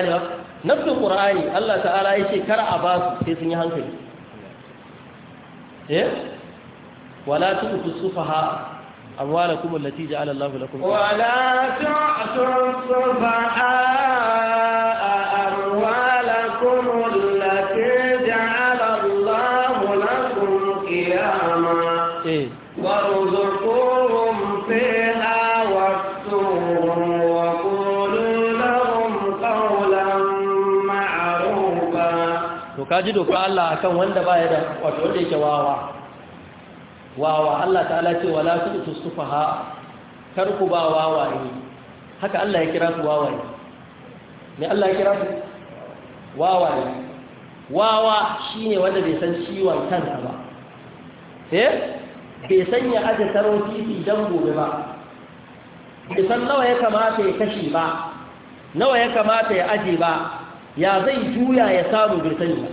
nafsin qur'ani Allah ta'ala ya ce kar a ba su sai sun yi hankali eh wala tu'tu sufaha amwalakum allati ja'ala Allahu lakum wala tu'tu sufaha ka ji doka Allah kan wanda ba ya da wato wanda yake wawa wawa Allah ta'ala ce wala tu'tu sufaha kar ku ba wawa ne haka Allah ya kira su wawa ne me Allah ya kira su wawa ne wawa shine wanda bai san ciwon kansa ba eh bai san ya aje taron titi dan gobe ba bai san nawa ya kamata ya kashe ba nawa ya kamata ya aje ba ya zai juya ya samu bai sani ba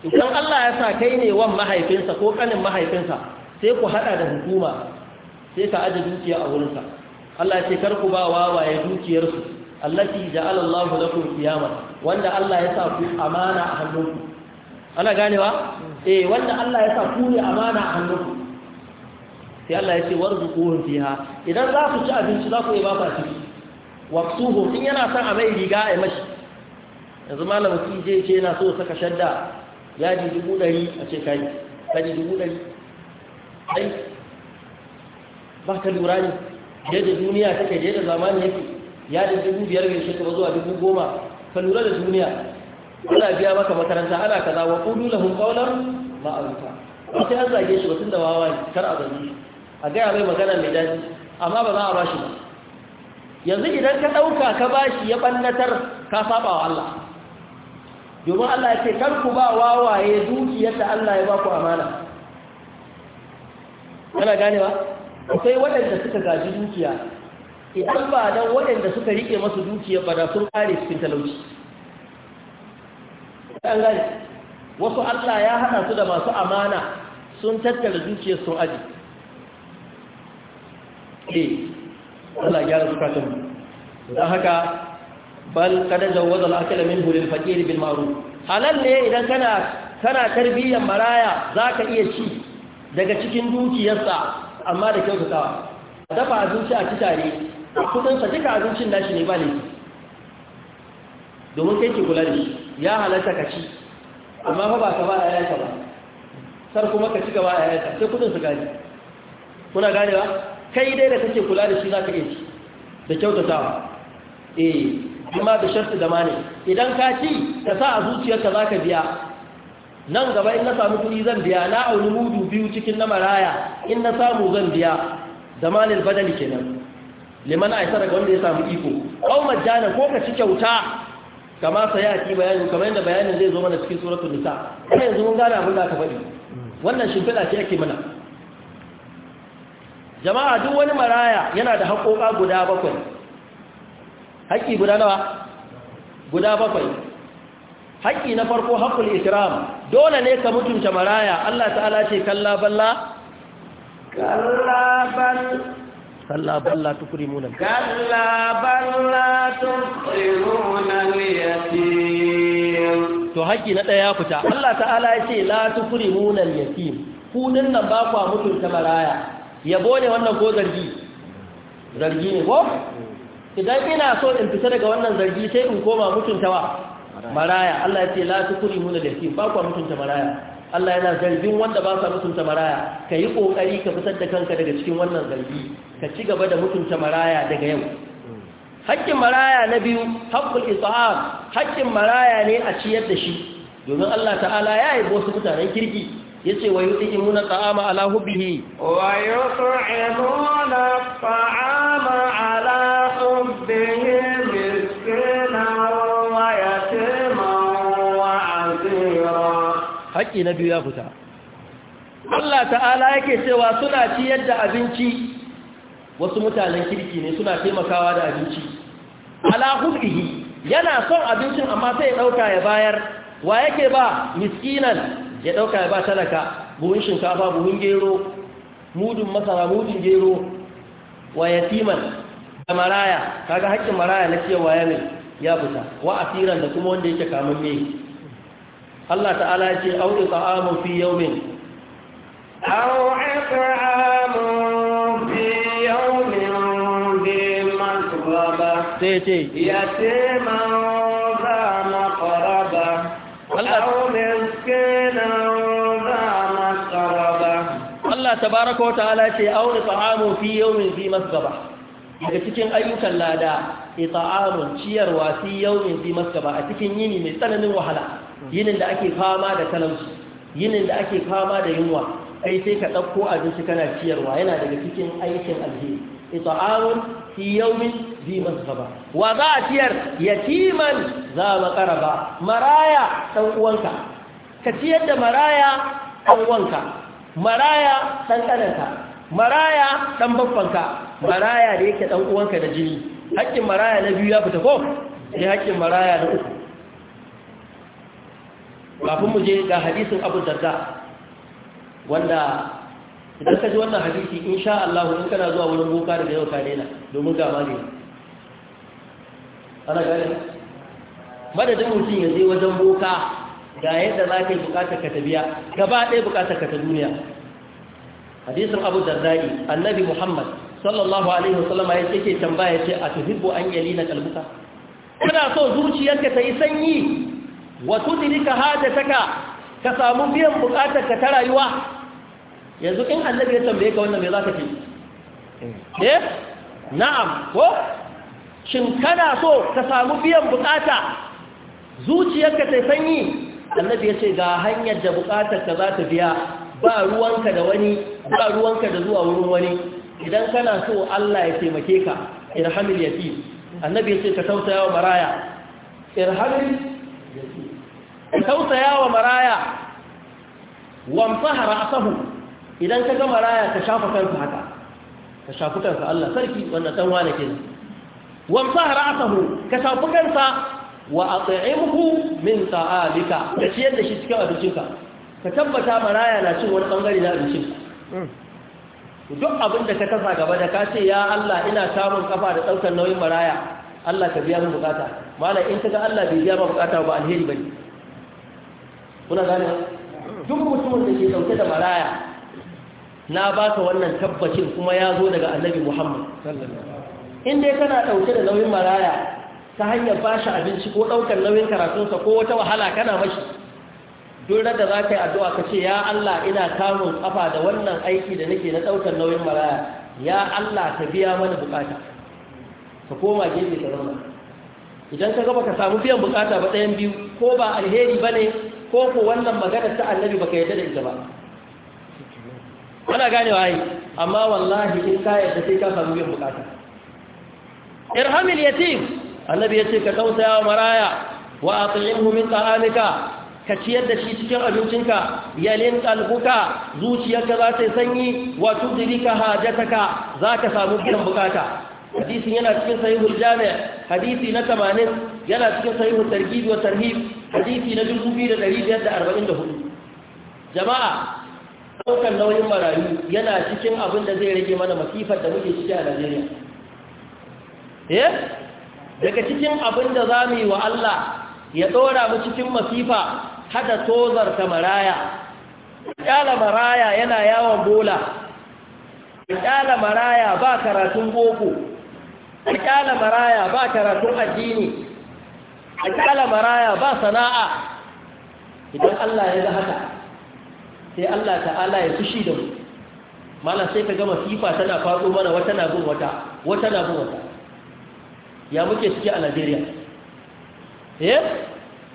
idan Allah ya sa kai ne wan mahaifinsa ko kanin mahaifinsa sai ku hada da hukuma sai ka aje dukiya a wurinsa Allah ya ce kar ku ba wawaye dukiyarsu allati ja'ala Allahu lakum kiyama. wanda Allah ya sa ku amana a hannunku ana ganewa eh wanda Allah ya sa ku ne amana a hannunku sai Allah ya ce warzuquhum fiha idan za ku ci abinci za ku yi ba fasi ciki waqtuhu in yana son a mai riga a mashi yanzu malamin kije ce yana so saka shadda yaji dubu ɗari a ce kayi kaji dubu ɗari ai ba ka lura ne yadda duniya take da yadda zamani yake yaji dubu biyar bai shekara zuwa dubu goma ka lura da duniya ana biya maka makaranta ana kaza wa kudu lahum qawlan ma'rufa ba sai an zage shi wasu da wawa kar a zage a gaya mai magana mai daɗi amma ba za a ba shi ba yanzu idan ka ɗauka ka ba shi ya ɓannatar ka saba wa Allah domin Allah ya ce kar ku ba wawaye dukiyar da Allah ya ba ku amana kana ba akwai waɗanda suka gaji dukiya idan ba don waɗanda suka riƙe masu dukiyar ba da sun ƙare cikin talauci an gane wasu Allah ya haɗa su da masu amana sun tattara dukiyar sun aji eh Allah ya gyara zukatan don haka bal kada zawwaza al-akala minhu lil faqir bil ma'ruf halal ne idan kana kana tarbiyyar maraya zaka iya ci daga cikin dukiyarsa amma da kyautatawa dafa abinci a kitare, kudin sa duka abincin nashi ne ba ne domin kai ke kula da shi ya halatta ka ci amma fa ba ka ba ka ba sar kuma ka ci gaba yayanka sai kudin su gani kuna ganewa kai dai da kake kula da shi zaka iya ci da kyautatawa eh amma da sharti da mani idan ka ci ka sa a zuciyarka za ka biya nan gaba in na samu kuɗi zan biya na auni mudu biyu cikin na maraya in na samu zan biya da malil badali kenan liman aisa daga wanda ya samu iko au majjana ko ka ci kyauta kama ki bayanin kamar yadda bayanin zai zo mana cikin suratul nisa kuma yanzu mun gane abin da aka faɗi wannan shimfiɗa ce ake mana jama'a duk wani maraya yana da haƙoƙa guda bakwai haƙƙi guda nawa guda bakwai haƙƙi na farko haƙƙul ikram dole ne ka mutunta maraya Allah ta'ala ce kalla balla kalla bal kalla balla tukrimuna kalla balla tukrimuna al-yatim to haƙƙi na daya fita Allah ta'ala ya ce la tukrimuna al-yatim ku nan ba ku mutunta maraya yabo ne wannan ko zargi zargi ne ko idan ina so in fita daga wannan zargi sai in koma mutuntawa maraya Allah ya ce la tukrihuna al-yatim ba ku mutunta maraya Allah yana zargin wanda ba sa mutunta maraya ka yi ƙoƙari ka fitar da kanka daga cikin wannan zargi ka ci gaba da mutunta maraya daga yau haƙƙin maraya na biyu haƙƙul isa'ar haƙƙin maraya ne a ciyar da shi domin Allah ta'ala ya yi wasu mutanen kirki yace wa yut'imuna ta'ama ala hubbihi wa yut'imuna ta'ama ala hubbihi miskina wa yatima wa asira Haƙƙi na biyu ya fita Allah ta'ala yake cewa suna ciyar da abinci wasu mutanen kirki ne suna taimakawa da abinci ala hubbihi yana son abincin amma sai ya ya bayar wa yake ba miskinan ya ɗauka ya ba talaka buhun shinkafa buhun gero mudun masara mudun gero wa yatiman da maraya kaga haƙƙin maraya na cewa ya ya fita wa asiran da kuma wanda yake kamun me Allah ta'ala ya ce au ta'amun fi yawmin au ta'amun fi ce Allah tabaraka wa ta'ala ce aure ta'amu fi yawmin fi masgaba daga cikin ayyukan lada ita'amun ciyarwa fi yawmin fi masgaba a cikin yini mai tsananin wahala yinin da ake fama da talauci yinin da ake fama da yunwa ai sai ka ɗauko abinci kana ciyarwa yana daga cikin aikin alheri ita'amun fi yawmin fi masgaba wa za a ciyar yatiman za mu makaraba maraya ɗan uwanka ka ciyar da maraya ɗan uwanka maraya ɗan maraya ɗan babbanka maraya da yake ɗan uwanka da jini haƙƙin maraya na biyu ya fita ko sai haƙƙin maraya na uku kafin mu je ga hadisin abu darda wanda idan ka ji wannan hadisi insha Allah in kana zuwa wurin boka daga yau ka daina domin ga mali ana gane madadin mutum ya je wajen boka ga yadda za ka yi bukatar ka ta biya gaba ɗaya bukatar ka ta duniya hadisin abu dardai annabi muhammad sallallahu alaihi wasallama ya yake tambaya ce a tuhibbu an yali na kalbuka kana so zuciyarka ta yi sanyi wa tudrika hajataka ka ka, samu biyan bukatar ka ta rayuwa yanzu in annabi ya tambaye ka wannan me za ka ce eh, eh? na'am ko shin kana so ka samu biyan bukata zuciyarka ta sanyi annabi ya ce ga hanyar da bukatar ka za ta biya ba ruwanka da wani ba ruwanka da zuwa wurin wani idan kana so Allah ya taimake ka irhamil yati annabi ya ce ka tausaya wa maraya irhamil yati ka tausaya wa maraya wamfahara asahu idan ka ga maraya ka shafa kanka haka ka shafi kanka Allah sarki wannan dan wane kenan wamfahara asahu ka shafi kanka wa a at'imhu min ta'alika ka ciyar da shi cikin abincinka ka tabbata maraya na cin wani bangare na abincin. duk abin da ka kafa gaba da ka ce ya Allah ina samun kafa da ɗaukar nauyin maraya Allah ka biya min bukata mala in kaga Allah bai biya ma bukata ba alheri bane kuna gane duk mutumin da ke dauke da maraya na ba ka wannan tabbacin kuma ya zo daga annabi Muhammad in dai kana ɗauke da nauyin maraya ta hanyar ba shi abinci ko ɗaukar nauyin karatunsa ko wata wahala kana mashi duk da za ka yi addu'a ka ce ya Allah ina kamun kafa da wannan aiki da nake na ɗaukar nauyin maraya ya Allah ka biya mana bukata ka koma gefe ka zama idan ka gaba ka samu biyan bukata ba ɗayan biyu ko ba alheri ba ne ko ko wannan magana ta annabi ba ka yadda da ita ba gane ganewa yi amma wallahi in ka sai ka samu biyan bukata irhamil yatim annabi ya ce ka tausaya wa maraya wa at'imhu min ta'amika ka ciyar da shi cikin abincinka yalin kalbuka zuciyarka za ta sanyi wa tudrika hajataka za ka samu biyan bukata hadisin yana cikin sahihul jami' hadisi na 80 yana cikin sahihul targhib wa tarhib hadisi na hudu. jama'a daukan nauyin marayu yana cikin abin da zai rage mana masifar da muke ciki a Najeriya eh daga cikin abin da za mu yi wa Allah ya ɗora mu cikin masifa hada tozarta maraya ƙyala maraya yana yawon bola ƙyala maraya ba karatun boko ƙyala maraya ba karatun addini ƙyala maraya ba sana'a idan Allah ya ga haka sai Allah ta'ala ya fushi da mu mana sai ka ga masifa tana faɗo mana wata na bin wata wata na bin wata ya muke ciki a najeriya eh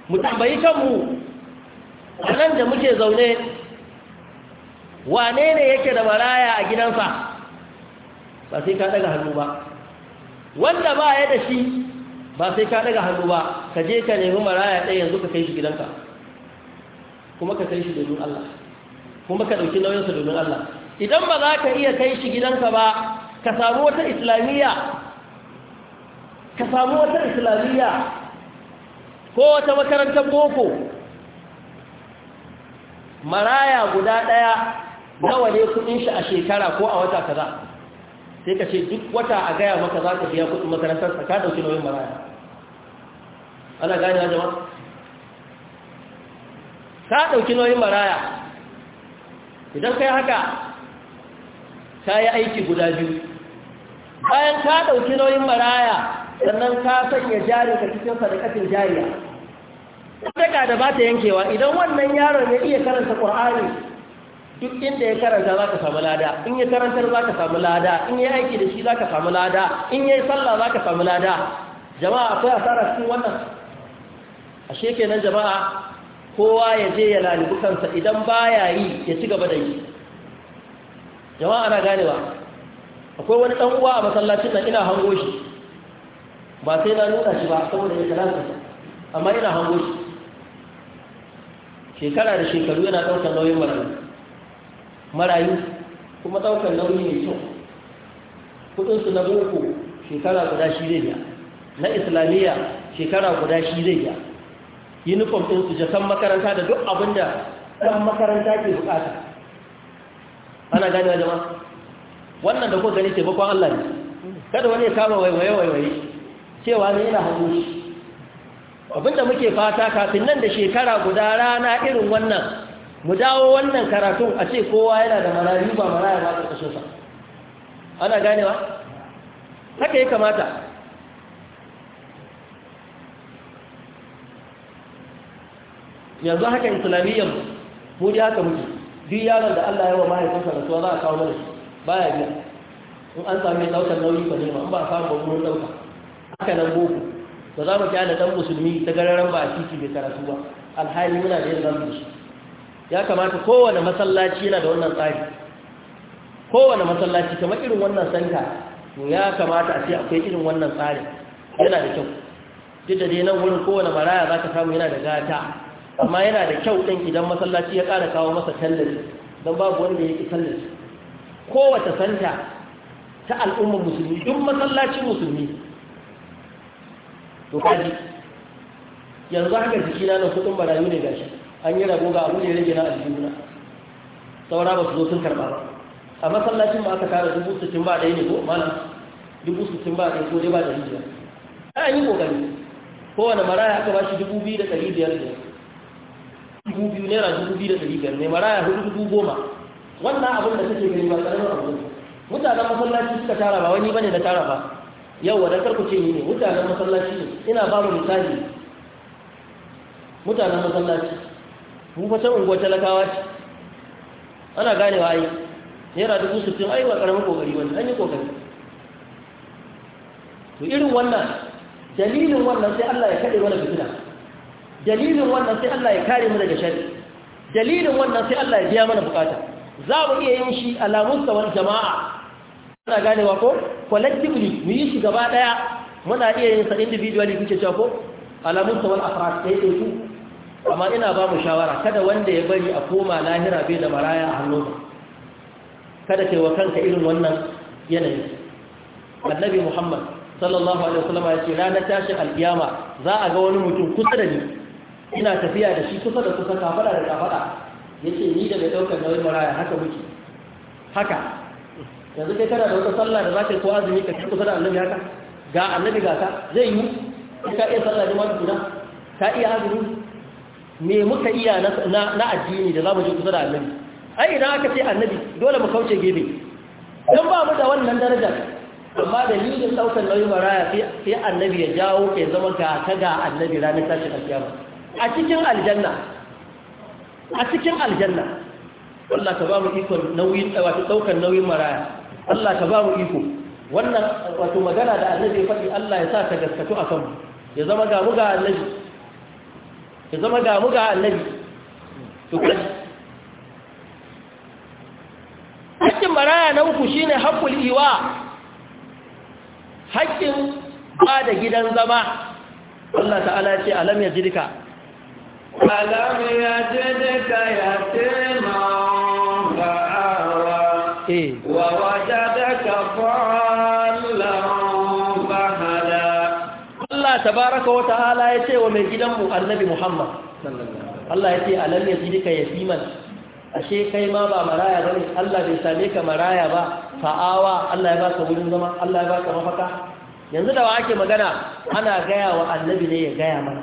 mu tambayi kanmu a nan da muke zaune wane ne yake da maraya a gidansa ba sai ka daga hannu ba wanda ba ya da shi ba sai ka daga hannu ba ka je ka nemi maraya ɗaya yanzu ka kai shi gidanka kuma ka kai shi domin Allah kuma ka ɗauki nauyinsa domin Allah idan ba za ka iya kai shi gidanka ba ka samu wata islamiyya ka samu wata islamiyya ko wata makarantar boko maraya guda ɗaya nawa ne kudin shi a shekara ko a wata kaza sai ka ce duk wata a gaya maka za ka biya kudin makarantar sa ka dauki nauyin maraya ana gani na jama'a ka dauki nauyin maraya idan kai haka ka yi aiki guda biyu bayan ka dauki nauyin maraya sannan ka sanya jari ka cikin sadakatin jariya sadaka da ba ta yankewa idan wannan yaron ya iya karanta qur'ani duk inda ya karanta za ka samu lada in ya karantar za ka samu lada in ya aiki da shi za ka samu lada in ya yi sallah za ka samu lada jama'a akwai asara su wannan ashe kenan jama'a kowa ya je ya lalibu kansa idan baya yi ya ci gaba da yi jama'a na ganewa akwai wani ɗan uwa a masallacin nan ina hango shi ba sai na nuna shi ba saboda ya kalasa amma ina hango shi shekara da shekaru yana ɗaukar nauyin marayu marayu kuma ɗaukar nauyi mai kyau su na boko shekara guda shi zai biya na islamiyya shekara guda shi zai biya uniform su jasan makaranta da duk abin da ɗan makaranta ke bukata ana gane wa jama'a wannan da kuka gani taimakon allah ne kada wani ya kama waiwaye-waiwaye cewa ne yana hannu shi abinda muke fata kafin nan da shekara guda rana irin wannan mu dawo wannan karatun a ce kowa yana da marayu ba maraya ba ƙarƙashinsa ana ganewa haka ya kamata yanzu haka islamiyyar mu ji haka muke duk yaron da allah yawa mahaifinsa da tuwa za a kawo ba baya biya in an sami ɗaukar nauyi ba ne ba ba samun ɗauka haka nan boko ba za mu kyana dan musulmi ta gararan ba a titi bai karatu ba alhali muna da yin zambi shi ya kamata kowane masallaci yana da wannan tsari kowane masallaci kamar irin wannan santa to ya kamata a ce akwai irin wannan tsari yana da kyau duk da dai nan wurin kowane maraya za ka samu yana da gata amma yana da kyau ɗin idan masallaci ya ƙara kawo masa tallafi don babu wanda ya ƙi tallafi kowace santa ta al'ummar musulmi duk masallacin musulmi to kaji yanzu haka jiki na na kudin barayu ne gashi an yi rago ga abu ne rage na aljihuna saura ba su zo sun karɓa ba a masallacin ma aka tara dubu sittin ba ɗaya ne ko mana dubu sittin ba ɗaya ko dai ba da rijiya a yi ƙoƙari kowane maraya aka ba shi dubu biyu da ɗari biyar ne dubu biyu naira dubu biyu da ɗari biyar ne maraya hudu dubu goma wannan abin da suke gani ba ƙaramin abu mutanen masallaci suka tara ba wani bane da tara ba yau wadda karku ce ne mutanen masallaci ina ba mu misali mutanen masallaci mu fa can unguwar talakawa ce ana ganewa ai naira dubu sittin ai ba karamin kokari wani an yi kokari to irin wannan dalilin wannan sai Allah ya kaɗe mana fitina dalilin wannan sai Allah ya kare mu daga sharri dalilin wannan sai Allah ya biya mana bukata za mu iya yin shi alamun tsawon jama'a ana ganewa ko collectively mu yi su gaba ɗaya, muna iya yin sa individually kuke cewa ko alamun sawal afrad sai dai amma ina ba mu shawara kada wanda ya bari a koma lahira bai da maraya a hannunsa kada kai wa kanka irin wannan yanayi annabi muhammad sallallahu alaihi wasallam ya ce ranar tashin alkiyama za a ga wani mutum kusa da ni ina tafiya da shi kusa da kusa kafada da kafada yace ni da bai daukar nauyin maraya haka muke haka yanzu kai kana da wata sallah da za ko azumi ka ci kusa da annabi haka ga annabi ga ka zai yi ka iya sallah da wani guda ka iya azumi me muka iya na addini da za mu je kusa da annabi ai idan aka ce annabi dole mu kauce gebe dan ba mu da wannan daraja amma da ni dalilin daukar nauyin maraya sai annabi ya jawo ke zama ga ta ga annabi ranar tashin alkiyama a cikin aljanna a cikin aljanna Allah ta ba mu ikon nauyin wato daukar nauyin maraya Allah ka ba mu iko wannan wato magana da annabi faɗi Allah ya sa ta gaskatu a kanmu ya zama ga mu ga annabi ya zama ga mu ga annabi to hakkin maraya na uku shine haqqul iwa hakkin ba da gidan zama Allah ta'ala ya ce alam yajidka alam yajidka yatim wa wajadaka dallan fahada Allah tabaraka wa ta'ala ya ce wa mai gidanmu annabi Muhammad Allah ya ce alam yajidika yatiman ashe kai ma ba maraya bane Allah bai same ka maraya ba fa'awa Allah ya baka wurin zama Allah ya baka mafaka yanzu da wa ake magana ana gaya wa annabi ne ya gaya mana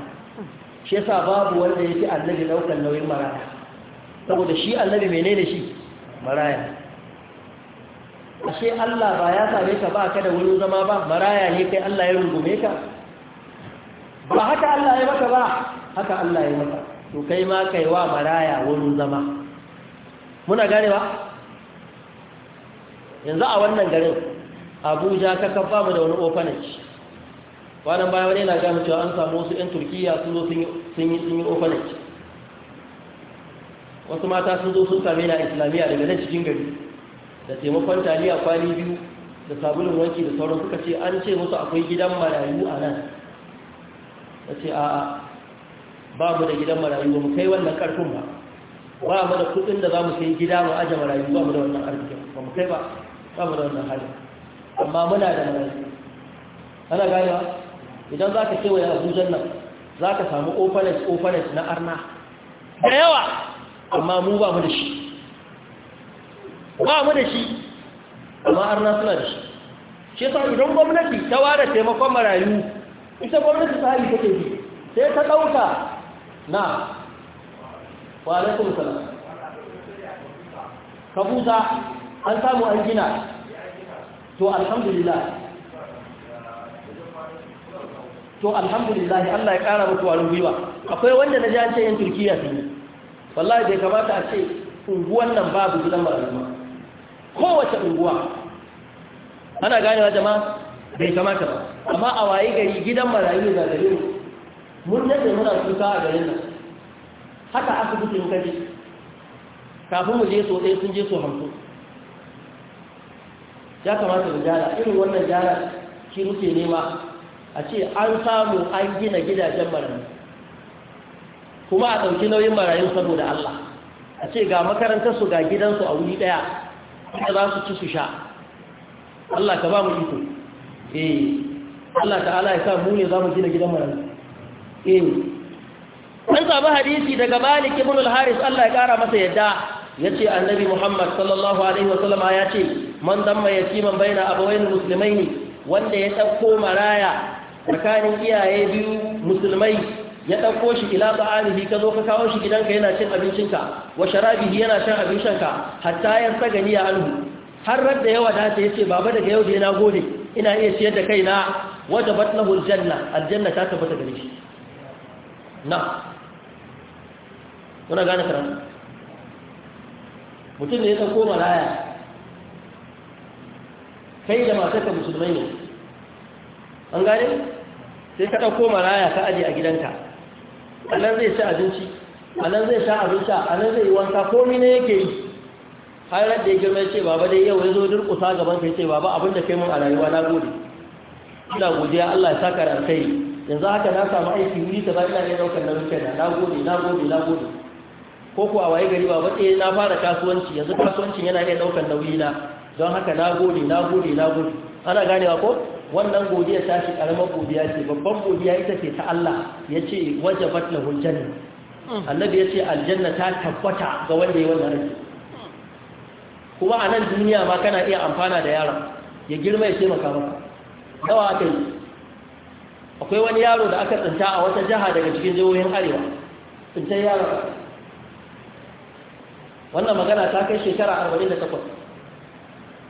shi yasa babu wanda yake annabi daukar nauyin maraya saboda shi annabi menene shi maraya ashe Allah ba ya same ka ba ka da wurin zama ba maraya ne kai Allah ya rungume ka ba haka Allah ya maka ba haka Allah ya maka to kai ma kai wa maraya wurin zama muna ba? yanzu a wannan garin Abuja ka kafa mu da wani orphanage wannan bayan wani yana gami cewa an samu wasu 'yan Turkiyya sun zo sun yi orphanage wasu mata sun zo sun same na islamiyya daga nan cikin gari da taimakon taliya kwali biyu da sabulun wanki da sauran suka ce an ce musu akwai gidan marayu a nan ta ce a'a ba mu da gidan marayu ba mu kai wannan karfin ba ba mu da kudin da za mu sai gida mu aje marayu ba mu da wannan arzikin ba mu kai ba ba mu da wannan hali amma muna da marayu ana gane idan za ka kewaye abujan nan za ka samu ofanet-ofanet na arna da yawa amma mu ba mu da shi ba mu da shi amma har na suna da shi shi sa idan gwamnati ta ware taimakon marayu ita gwamnati ta hali take bi sai ta ɗauka na wa alaikum salam kabuza an samu an gina to alhamdulillah to alhamdulillah Allah ya kara mutu warin gwiwa akwai wanda na ji an ce yan Turkiya su wallahi bai kamata a ce unguwan nan babu gidan marayu kowace unguwa ana ganewa jama'a bai kamata ba amma a waye gari gidan marayu da gari mun nade muna suka a garin nan haka asibitin kaji kafin mu je so ɗaya sun je so hamsin ya kamata mu gyara irin wannan gyara shi muke nema a ce an samu an gina gidajen marayu kuma a ɗauki nauyin marayu saboda Allah a ce ga makarantarsu ga gidansu a wuri ɗaya da za su ci su sha Allah ka ba mu iko eh Allah ta'ala ya sa mu ne za mu gina gidan marayu eh an samu hadisi daga Malik ibn al-Haris Allah ya kara masa yadda yace annabi Muhammad sallallahu alaihi wasallama yace man damma yatiman baina abawayn muslimaini wanda ya dauko maraya tsakanin iyaye biyu musulmai ya ɗauko shi ila ba'alihi ka zo ka kawo shi gidanka yana cin abincinka wa sharabihi yana shan abincinka hatta ya sagani ya alhu. har da ya wadata ya ce baba daga yau da yana gode ina iya siyar da kaina wata batlahul janna aljanna ta tabbata gare shi na kuna gane karatu mutum ne ya ɗauko malaya kai da matarka musulmai ne an gane sai ka ɗauko maraya ka aje a gidanka a nan zai sha abinci a nan zai sha abinci a nan zai yi wanka komi ne yake yi har da ya girma ce baba dai yau ya zo durkusa gaban kai ce baba abin da kai mun a rayuwa na gode ina ya Allah ya saka ran kai yanzu haka na samu aiki wuri ta ba ina ne daukar na rufe na gode na gode na gode ko kuwa waye gari baba tsaye eh, na fara kasuwanci yanzu kasuwancin yana iya daukar nauyi na don haka na gode na gode na gode ana ganewa ko wannan godiya ta shi karamar godiya ce babban godiya ita ce ta Allah ya ce wajabat lahul janna mm. annabi ya ce aljanna ta tabbata ga wanda ya wannan rai kuma a nan duniya ma kana iya amfana da yaron ya girma ya ce makamaka yawa aka yi akwai wani yaro da aka tsinta a wata jiha daga cikin jihohin arewa tsintar yaro wannan magana ta kai shekara arba'in da takwas.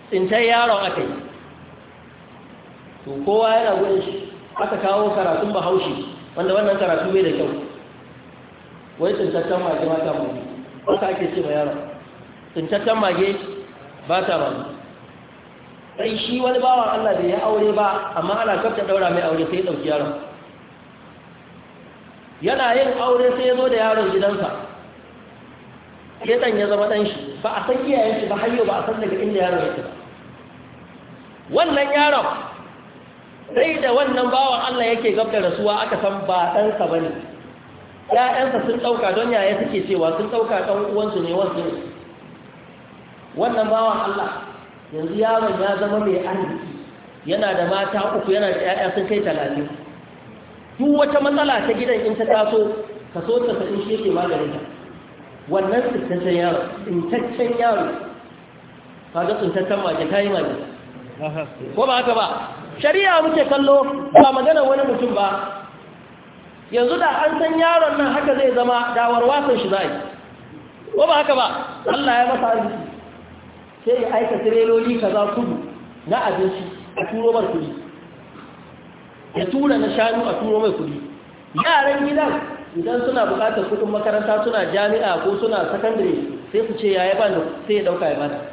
tsintar yaron aka yi to kowa yana gudun shi aka kawo karatun bahaushe wanda wannan karatu mai da kyau wai tsintattan mage ba ta mage ta ake ce ma yara tsintattan mage ba ta mage sai shi wani bawan Allah da ya aure ba amma ana kafta daura mai aure sai ya yaron yana yin aure sai ya zo da yaron gidansa sai ya zama ɗan shi ba a san iyayen shi ba hanyar ba a san daga inda yaron yake ba wannan yaron sai da wannan bawan Allah yake gab da rasuwa aka san ba ɗansa ba ne ‘ya'yansa sun ɗauka don yaya suke cewa sun ɗauka ɗan uwansu ne wasu ne wannan bawan Allah yanzu yaron ya zama mai arziki yana da mata uku yana da ‘ya'ya sun kai talatin duk wata matsala ta gidan in ta taso kaso faɗin shi yake maganin ta wannan tsintaccen yaro tsintaccen yaro tsintaccen mace ta yi mace ko ba haka ba shari'a muke kallo ba magana wani mutum ba yanzu da an san yaron nan haka zai zama dawar wasan shi zai ko ba haka ba Allah ya masa arziki sai ya aika tireloli kaza kudu na abinci a turo mai kudi ya tura na shanu a turo mai kudi yaran gidan idan suna bukatar kudin makaranta suna jami'a ko suna sakandare sai ku ce yaya ba sai ya dauka ya bada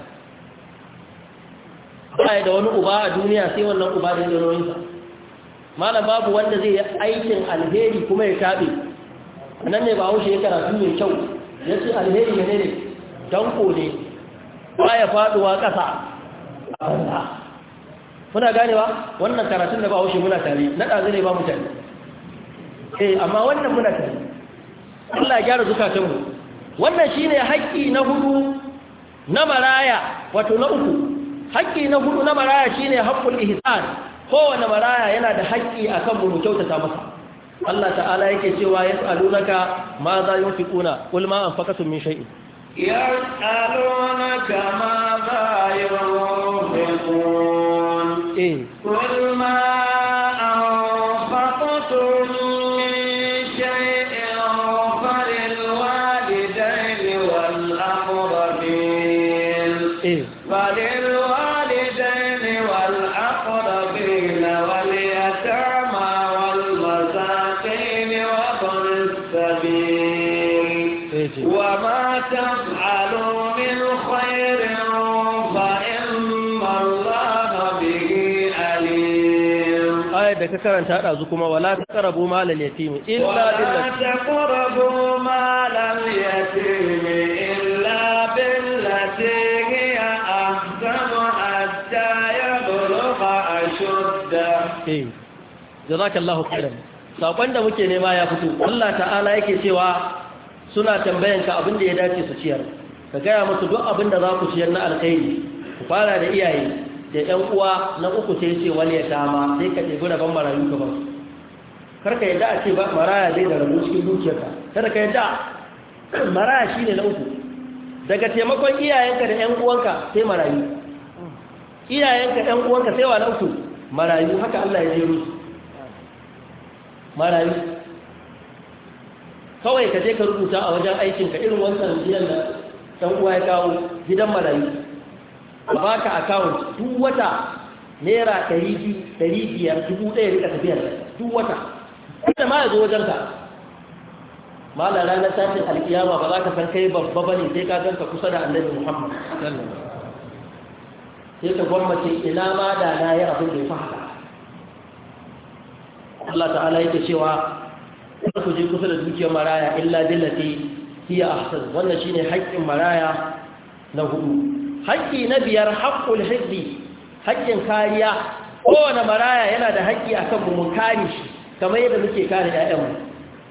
ba da wani uba a duniya sai wannan uba da yanoyinsa malam babu wanda zai yi aikin alheri kuma ya taɓe nan ne ba haushe ya karatu mai kyau ya ce alheri ya nere danko ne ba ya faɗuwa ƙasa a banza muna ganewa wannan karatun da ba haushe muna tare na ɗazu ne ba mu tare eh amma wannan muna tare Allah ya gyara zukatanmu wannan shi ne haƙƙi na hudu na maraya wato na uku haƙƙi na hudu na maraya shine haƙƙul ihsan kowane maraya yana da haƙƙi akan mu kyautata masa Allah ta'ala yake cewa yas'alunaka ma za yunfiquna qul ma anfaqtum min shay'in yas'alunaka ma za yunfiqun eh. qul ma karanta ɗazu kuma wala ta ƙarabu malar yatimi illa billati hiya ahzamu hatta yablugha ashudda eh jazakallahu khairan sakon da muke nema ya fito Allah ta'ala yake cewa suna tambayan ka abin da ya dace su ciyar ka gaya musu duk abin da za ku ciyar na alkhairi ku fara da iyaye da ‘yan uwa na uku sai ce wani ya dama sai ka ɗebi rabon marayu ba su karka yadda a ce maraya zai da rabu cikin dukiyarka karka yadda maraya shi ne na uku daga taimakon iyayenka da ‘yan uwanka sai marayu iyayenka ‘yan uwanka sai wa na uku marayu haka Allah ya jeru marayu kawai ka je ka rubuta a wajen aikinka irin wancan gidan da ɗan uwa ya kawo gidan marayu a baka akawun duk wata naira ɗari biyar dubu ɗaya rika tafiyar duk wata wanda ma ya zo wajen ka mala ranar tashin alkiyama ba za ka san kai babba ne sai ka ganka kusa da annabi muhammad sai ka gwammace ina ma da na yi abin da ya fahimta Allah ta'ala yake cewa kar ku je kusa da dukiyar maraya illa billati hiya ahsan wannan shine haƙƙin maraya na hudu haƙƙi na biyar haƙƙul hizbi haƙƙin kariya kowane maraya yana da haƙƙi a kanmu mu kare shi kamar yadda muke kare ‘ya'yanmu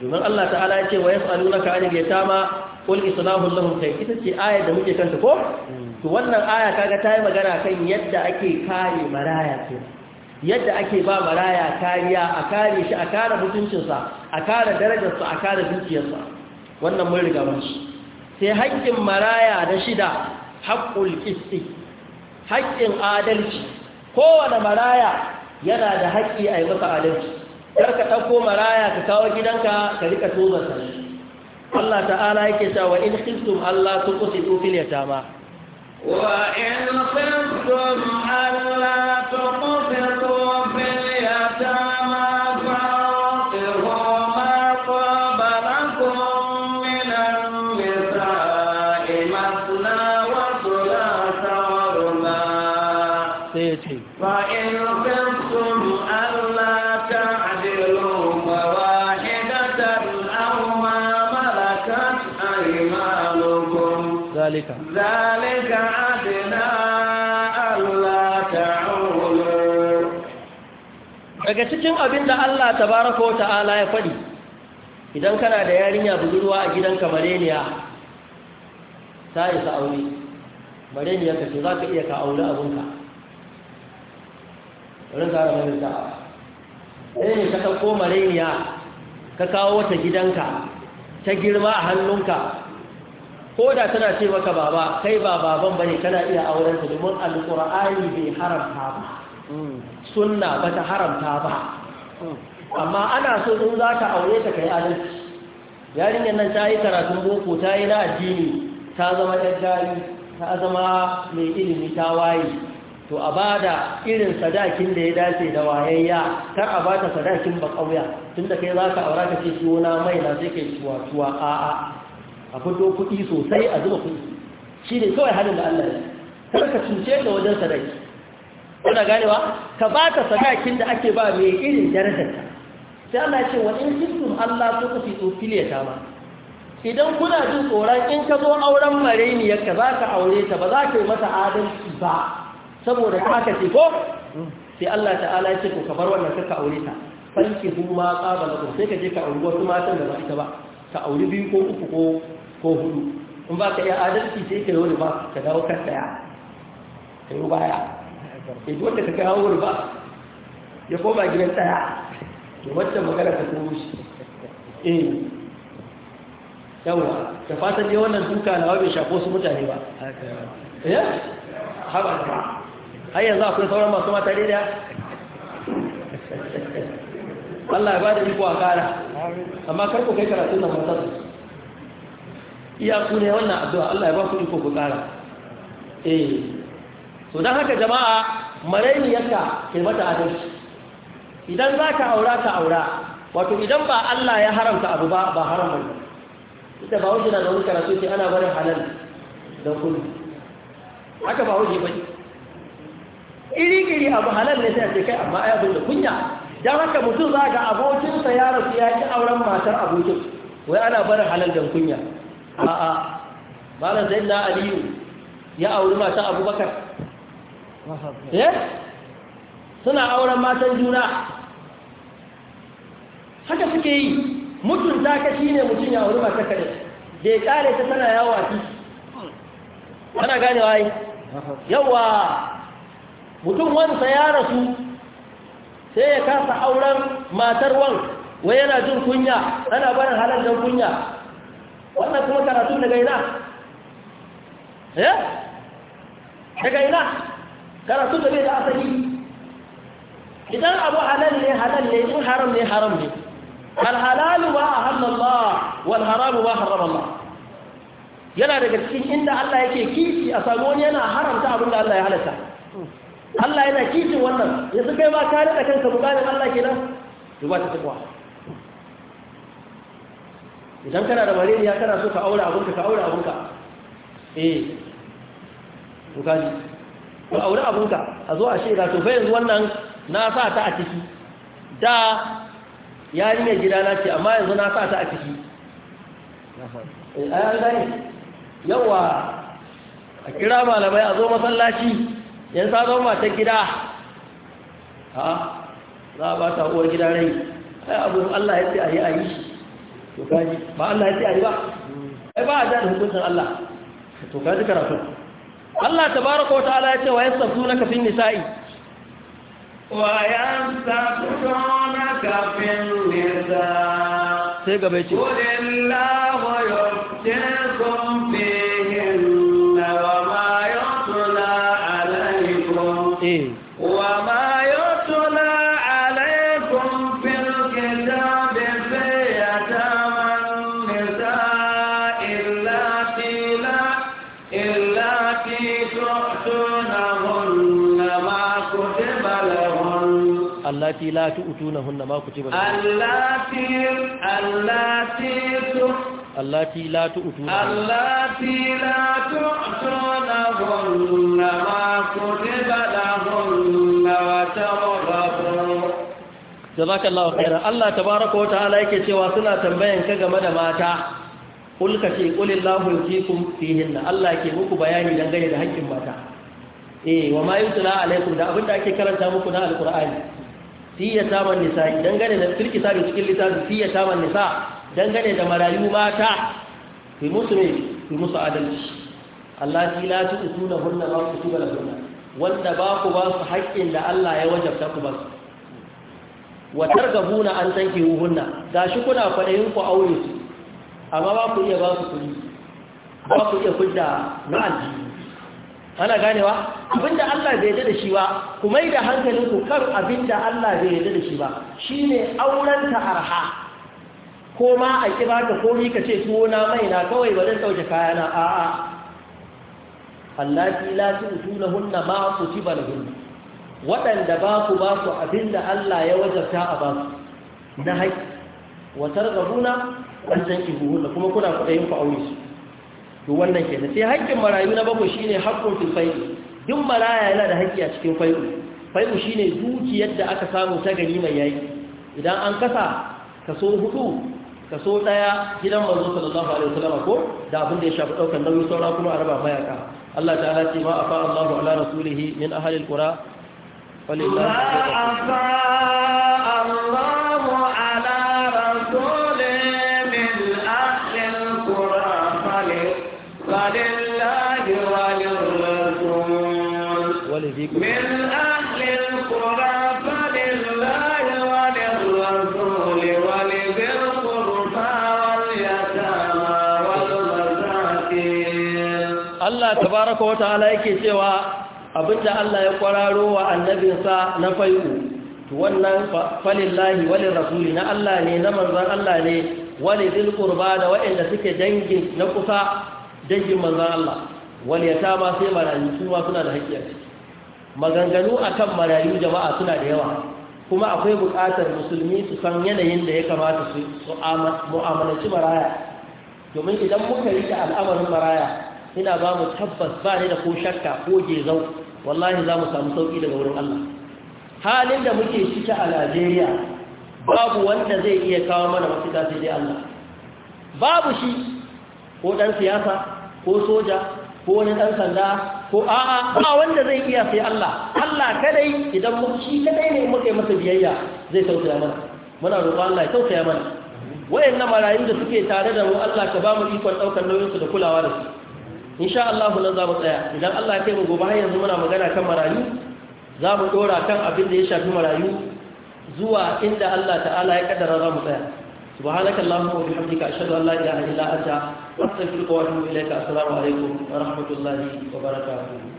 domin Allah ta'ala ya ce wa ya tsalu na kare ya tama ƙul islahun lahun kai ita ce ayar da muke kanta ko? to wannan aya kaga ta yi magana kan yadda ake kare maraya ce yadda ake ba maraya kariya a kare shi a kare mutuncinsa a kare darajarsa a kare dukiyarsa wannan mun riga mun sai haƙƙin maraya da shida haƙƙul ƙisti haƙƙin adalci kowane maraya yana da haƙƙi a yi maka adalci kar ka ɗauko maraya ka kawo gidanka ka rika tuba sa Allah ta'ala yake wa in khiftum Allah tuqsitu ya yatama wa in khiftum Allah tuqsitu ce fa'in khiftum alla ta'dilu wa wahidatan aw ma malakat aymanukum zalika zalika adna alla ta'ulu daga cikin abin da Allah tabaraka wa ta'ala ya faɗi idan kana da yarinya budurwa a gidanka mareniya ta isa aure mareniya ka ce za ka iya ka aure abinka rin kara mai ta ɗaya ne ka ɗauko ka kawo wata gidanka ta girma a hannunka ko da tana ce maka baba kai ba baban bane kana iya aurenta ta domin alqur'ani bai haramta ba hmm. sunna ba ta haramta ba hmm. amma ana so in za ka aure ta kai adalci yarinyar nan ta yi karatun boko ta yi na addini ta zama ɗan ta zama mai ilimi ta waye to a ba da irin sadakin da ya dace da wayayya kar a ba ta sadakin ba ƙauya tun da kai za ka aura ka ce ciwo na mai na sai kai cuwa-cuwa a a a fito kuɗi sosai a zuba kuɗi shi ne kawai halin da Allah ya kar ka cuce da wajen sadaki kuna ganewa ka ba ta sadakin da ake ba mai irin darajarta sai Allah ce wa in kuntum Allah ko ku fito ta ma idan kuna jin tsoron in ka zo auren marainiyar ka za ka aure ta ba za ka yi mata adalci ba saboda ta haka ce ko sai Allah ta'ala ya ce ku kabar wannan suka aure ta fanki ma qabala ku sai ka je ka aure wasu matan da ba ita ba ka aure biyu ko uku ko ko hudu in ba ka iya adalci sai ka yi ba ka dawo kan daya ka yi baya sai duk wanda ka kai hawo ba ya koma gidan daya to wacce magana ta kuma shi eh yawa da fatan dai wannan duka na wabe shafo su mutane ba ya eh? haba ba har yanzu akwai sauran masu mata daidai Allah ya ba da iko a kara amma kar ku kai na nan su. iyaku ne wannan addu'a Allah ya ba ku iko ku kara eh so dan haka jama'a marainiyarka ke mata adalci idan za ka aura ka aura wato idan ba Allah ya haramta abu ba ba haram bane ita ba wuce na da wani karatu ce ana barin halal da kullu haka ba wuce bai iri-iri abu halar ne sai a ce kai amma ya zo da kunya don haka mutum za ga abokinsa ya rasu ya ki auren matar abokin wai ana barin halar da kunya a'a malam zai na aliyu ya auri matan abubakar eh suna auren matan juna haka suke yi mutum zaka shi ne mutum ya auri matar kare da ya kare ta tana yawa ci ana ganewa yi yawa mutum wansa ya rasu sai ya kasa auren matar wan wai yana jin kunya ana barin halar jan kunya wannan kuma karatu daga ina eh daga ina karatu da bai da asali idan abu halal ne halal ne in haram ne haram ne alhalalu ba a hannallah wal haramu ba haram Allah yana daga cikin inda Allah yake kishi a samu wani yana haramta abin da Allah ya halatta Allah yana kishin wannan yanzu kai ma ka rika kanka bukatar Allah kenan to ba ta takwa idan kana da ya kana so ka aure abinka ka aure abinka eh to ji. Ka aure abinka a zo a shaida to fa yanzu wannan na sa ta a ciki da yarinyar gidana ce amma yanzu na sa ta a ciki eh ayan gani yawa a kira malamai a zo masallaci yan sabon matan gida ha za a ba ta uwar gida rai ai abu Allah ya ce a yi a yi to kaji ba Allah ya ce a yi ba ai ba a da hukuncin Allah to kaji karatu Allah tabaaraka wa ta'ala ya ce wa yasaftunaka fin nisa'i wa yasaftunaka fin nisa'i sai gaba ya ce qul illahu yuftina allati la tu'tunahunna ma kutiba allati allati allati la tu'tunahunna allati la tu'tunahunna ma kutiba lahunna wa tawrabu jazakallahu khairan Allah tabaaraka wa ta'ala yake cewa suna tambayan ka game da mata kulka ce kulillahu yukikum fihinna Allah ke muku bayani dangane da haƙƙin mata eh wa ma yutla alaikum da abinda ake karanta muku na Alkur'ani. fiye saman nisa dangane da turki da cikin littafin fiye saman nisa dangane da marayu mata fi musu ne fi musu adalci Allah ti la tu usuna hunna ba ku da lahunna wanda ba ku ba su haƙƙin da Allah ya wajabta ku ba wa targabuna an tanki hunna gashi kuna fadayin ku aure su amma ba ku iya ba su kuɗi ba ku iya kudda na aljihu ana ganewa abinda Allah bai yarda da shi ba ku mai da hankalin ku kan abinda Allah bai yarda da shi ba shine auren ta arha ko ma a kira ka ko ni ce tuwo na mai na kawai ba zan sauke kaya na a a allati la na ma kutiba lahun wadanda ba ku ba ku abinda Allah ya wajabta a ba na haƙi wa targabuna an zanki huhunna kuma kuna kudayin ku aure su to wannan ke sai haƙƙin marayu na bakwai shine haƙƙun fil fai'u duk maraya yana da haƙƙi a cikin fai'u fai'u shine dukiyar da aka samu ta gani mai yayi idan an kasa kaso hudu kaso daya gidan manzo sallallahu alaihi wasallam ko da abin da ya shafi ɗaukar nauyi saura kuma araba mayaka Allah ta'ala ce ma afa Allahu ala rasulihi min ahli alqura walillahi Allah tabaraka wa ta'ala yake cewa abinda Allah ya kwararo wa annabinsa na fai'u to wannan falillahi walil rasuli na Allah ne na manzon Allah ne walidil qurba da waɗanda suke dangin na kusa dangin manzon Allah wal yatama sai marayu su ma suna da haƙƙi maganganu a kan marayu jama'a suna da yawa kuma akwai buƙatar musulmi su san yanayin da ya kamata su mu'amalaci maraya domin idan muka yi da al'amarin maraya ina ba mu tabbas ba ni da ko shakka ko gezau wallahi za mu samu sauki daga wurin Allah halin da muke ciki a Najeriya babu wanda zai iya kawo mana mafita sai dai Allah babu shi ko ɗan siyasa ko soja ko wani ɗan sanda ko a'a ba wanda zai iya sai Allah Allah kadai idan mu shi kadai ne muka yi masa biyayya zai tausaya mana muna roƙon Allah ya tausaya mana wayannan marayu da suke tare da mu Allah ka ba mu ikon ɗaukar nauyin su da kulawa da su insha Allah nan za mu tsaya idan Allah ya kai mu gobe har yanzu muna magana kan marayu za mu dora kan abin da ya shafi marayu zuwa inda Allah ta'ala ya kaddara za mu tsaya subhanaka allahumma wa bihamdika ashhadu an la ilaha illa anta astaghfiruka wa atubu ilaika assalamu alaikum wa rahmatullahi wa barakatuh